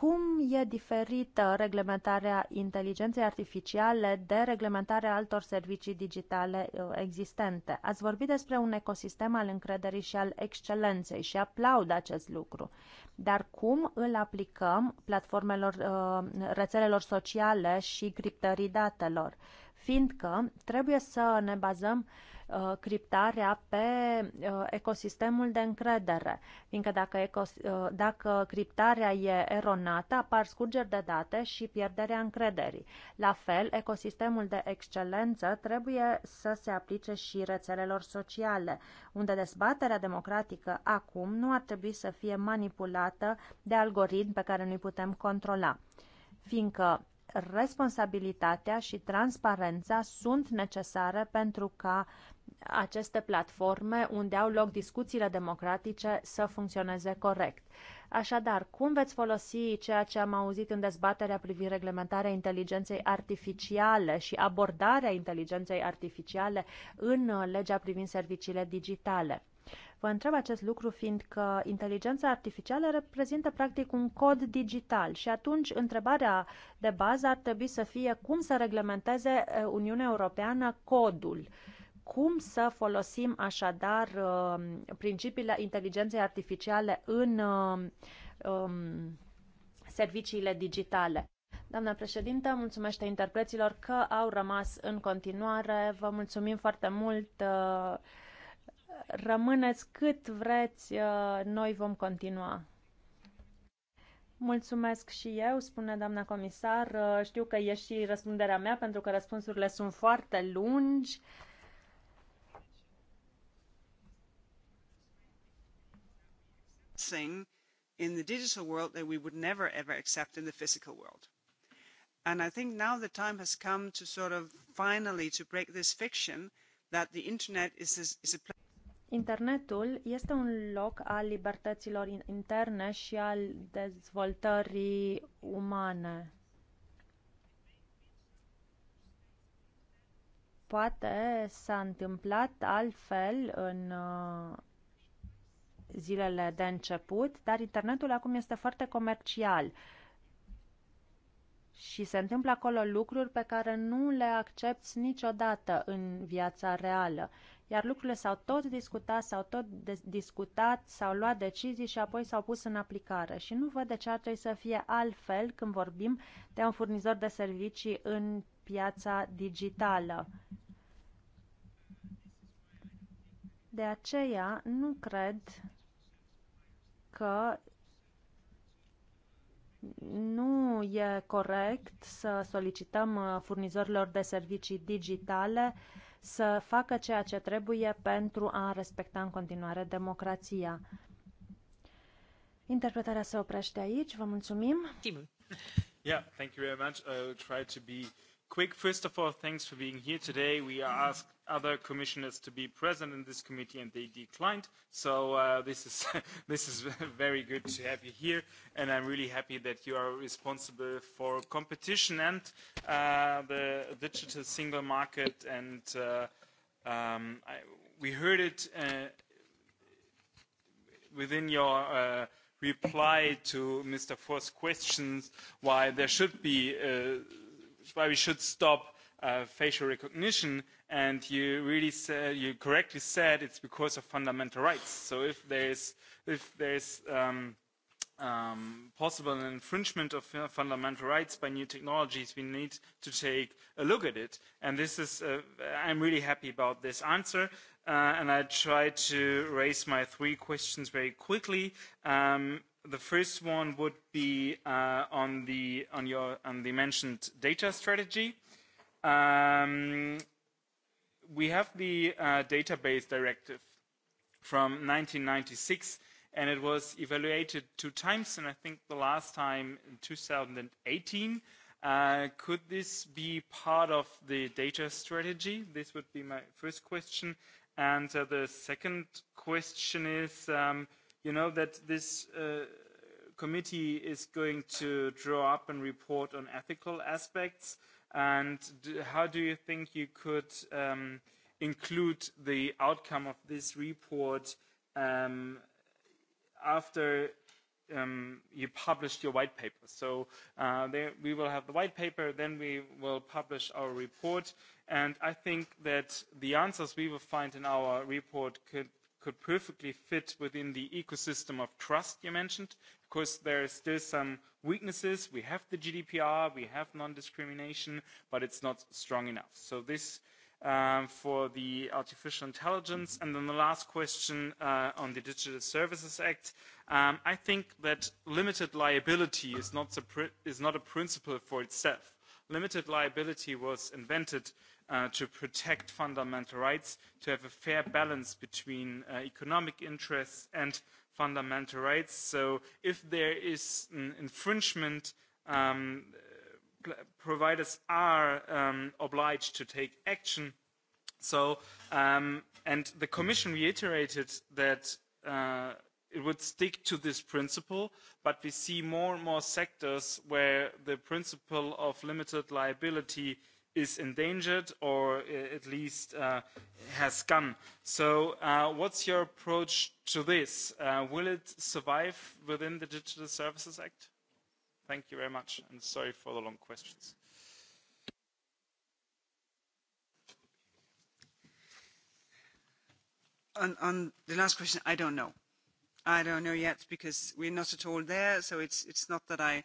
Cum e diferită reglementarea inteligenței artificiale de reglementarea altor servicii digitale uh, existente? Ați vorbit despre un ecosistem al încrederii și al excelenței și aplaud acest lucru. Dar cum îl aplicăm platformelor, uh, rețelelor sociale și criptării datelor? Fiindcă trebuie să ne bazăm uh, criptarea pe uh, ecosistemul de încredere, fiindcă dacă, ecos, uh, dacă criptarea e eronată, apar scurgeri de date și pierderea încrederii. La fel, ecosistemul de excelență trebuie să se aplice și rețelelor sociale, unde dezbaterea democratică acum nu ar trebui să fie manipulată de algoritmi pe care nu-i putem controla fiindcă responsabilitatea și transparența sunt necesare pentru ca aceste platforme unde au loc discuțiile democratice să funcționeze corect. Așadar, cum veți folosi ceea ce am auzit în dezbaterea privind reglementarea inteligenței artificiale și abordarea inteligenței artificiale în legea privind serviciile digitale? Vă întreb acest lucru fiindcă inteligența artificială reprezintă practic un cod digital și atunci întrebarea de bază ar trebui să fie cum să reglementeze Uniunea Europeană codul. Cum să folosim așadar principiile inteligenței artificiale în um, serviciile digitale? Doamna președintă, mulțumește interpreților că au rămas în continuare. Vă mulțumim foarte mult. Uh, rămâneți cât vreți, uh, noi vom continua. Mulțumesc și eu, spune doamna comisar. Uh, știu că e și răspunderea mea, pentru că răspunsurile sunt foarte lungi. Thing in the digital world that we would never ever accept in the physical world. And I think now the time has come to sort of finally to break this fiction that the internet is, is, is a place Internetul este un loc al libertăților interne și al dezvoltării umane. Poate s-a întâmplat altfel în uh, zilele de început, dar internetul acum este foarte comercial și se întâmplă acolo lucruri pe care nu le accepti niciodată în viața reală iar lucrurile s-au tot discutat, s-au tot discutat, s-au luat decizii și apoi s-au pus în aplicare. Și nu văd de ce ar trebui să fie altfel când vorbim de un furnizor de servicii în piața digitală. De aceea nu cred că nu e corect să solicităm uh, furnizorilor de servicii digitale uh, să facă ceea ce trebuie pentru a respecta în continuare democrația. Interpretarea se oprește aici. Vă mulțumim. Yeah, thank you very much. I'll try to be quick. First of all, thanks for being here today. We are asked other commissioners to be present in this committee and they declined. So uh, this is this is very good to have you here, and I'm really happy that you are responsible for competition and uh, the digital single market. And uh, um, I, we heard it uh, within your. Uh, reply to Mr. For's questions why there should be uh, why we should stop uh, facial recognition and you really said you correctly said it's because of fundamental rights so if there if there's um, um, possible an infringement of uh, fundamental rights by new technologies, we need to take a look at it. And this is, uh, I'm really happy about this answer. Uh, and I try to raise my three questions very quickly. Um, the first one would be uh, on the on your on the mentioned data strategy. Um, we have the uh, database directive from 1996 and it was evaluated two times and i think the last time in 2018 uh, could this be part of the data strategy this would be my first question and uh, the second question is um, you know that this uh, committee is going to draw up and report on ethical aspects And how do you think you could um, include the outcome of this report um, after um, you published your white paper? So uh, there we will have the white paper, then we will publish our report. And I think that the answers we will find in our report could could perfectly fit within the ecosystem of trust you mentioned course, there are still some weaknesses. We have the GDPR, we have non-discrimination, but it's not strong enough. So this um, for the artificial intelligence. And then the last question uh, on the Digital Services Act. Um, I think that limited liability is not, is not a principle for itself. Limited liability was invented Uh, to protect fundamental rights, to have a fair balance between uh, economic interests and fundamental rights. So if there is an infringement, um, providers are um, obliged to take action. So, um, and the Commission reiterated that uh, it would stick to this principle, but we see more and more sectors where the principle of limited liability is endangered or at least uh, has gone. So uh, what's your approach to this? Uh, will it survive within the Digital Services Act? Thank you very much, and sorry for the long questions. On, on the last question, I don't know. I don't know yet because we're not at all there, so it's, it's not that I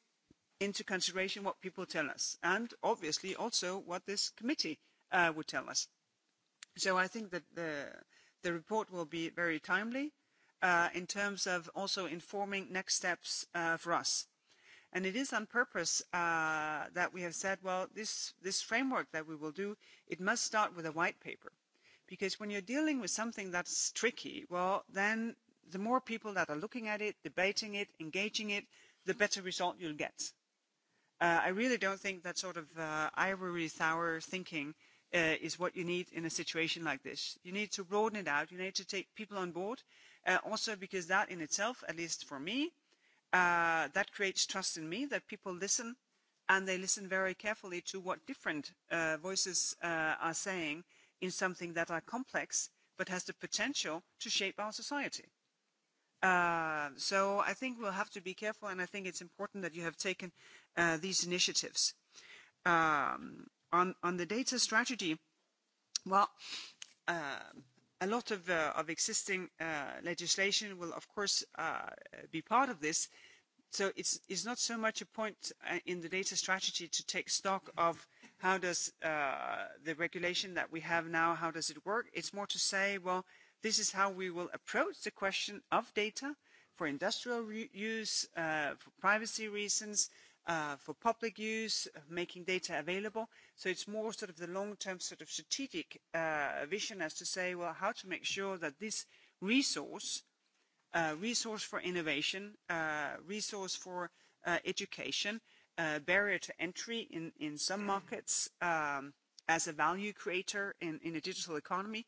into consideration what people tell us and obviously also what this committee uh, would tell us. So I think that the, report will be very timely uh, in terms of also informing next steps uh, for us. And it is on purpose that we have said, well, this framework that we will do, it must start with a white paper. Because when you're dealing with something that's tricky, well, then the more people that are looking at it, debating it, engaging it, the better result you'll get Uh, I really don't think that sort of uh, ivory tower thinking uh, is what you need in a situation like this. You need to broaden it out. You need to take people on board, uh, also because that in itself, at least for me, uh, that creates trust in me that people listen and they listen very carefully to what different uh, voices uh, are saying in something that are complex but has the potential to shape our society. Uh, so I think we'll have to be careful, and I think it's important that you have taken uh, these initiatives. Um, on, on the data strategy, well, uh, a lot of, uh, of existing uh, legislation will, of course, uh, be part of this. So it's, it's not so much a point uh, in the data strategy to take stock of how does uh, the regulation that we have now, how does it work? It's more to say, well, uh, This is how we will approach the question of data for industrial use, uh, for privacy reasons, uh, for public use, uh, making data available. So it's more sort of the long-term sort of strategic uh, vision as to say, well, how to make sure that this resource, uh, resource for innovation, uh, resource for uh, education, uh, barrier to entry in, in some markets um, as a value creator in, in a digital economy,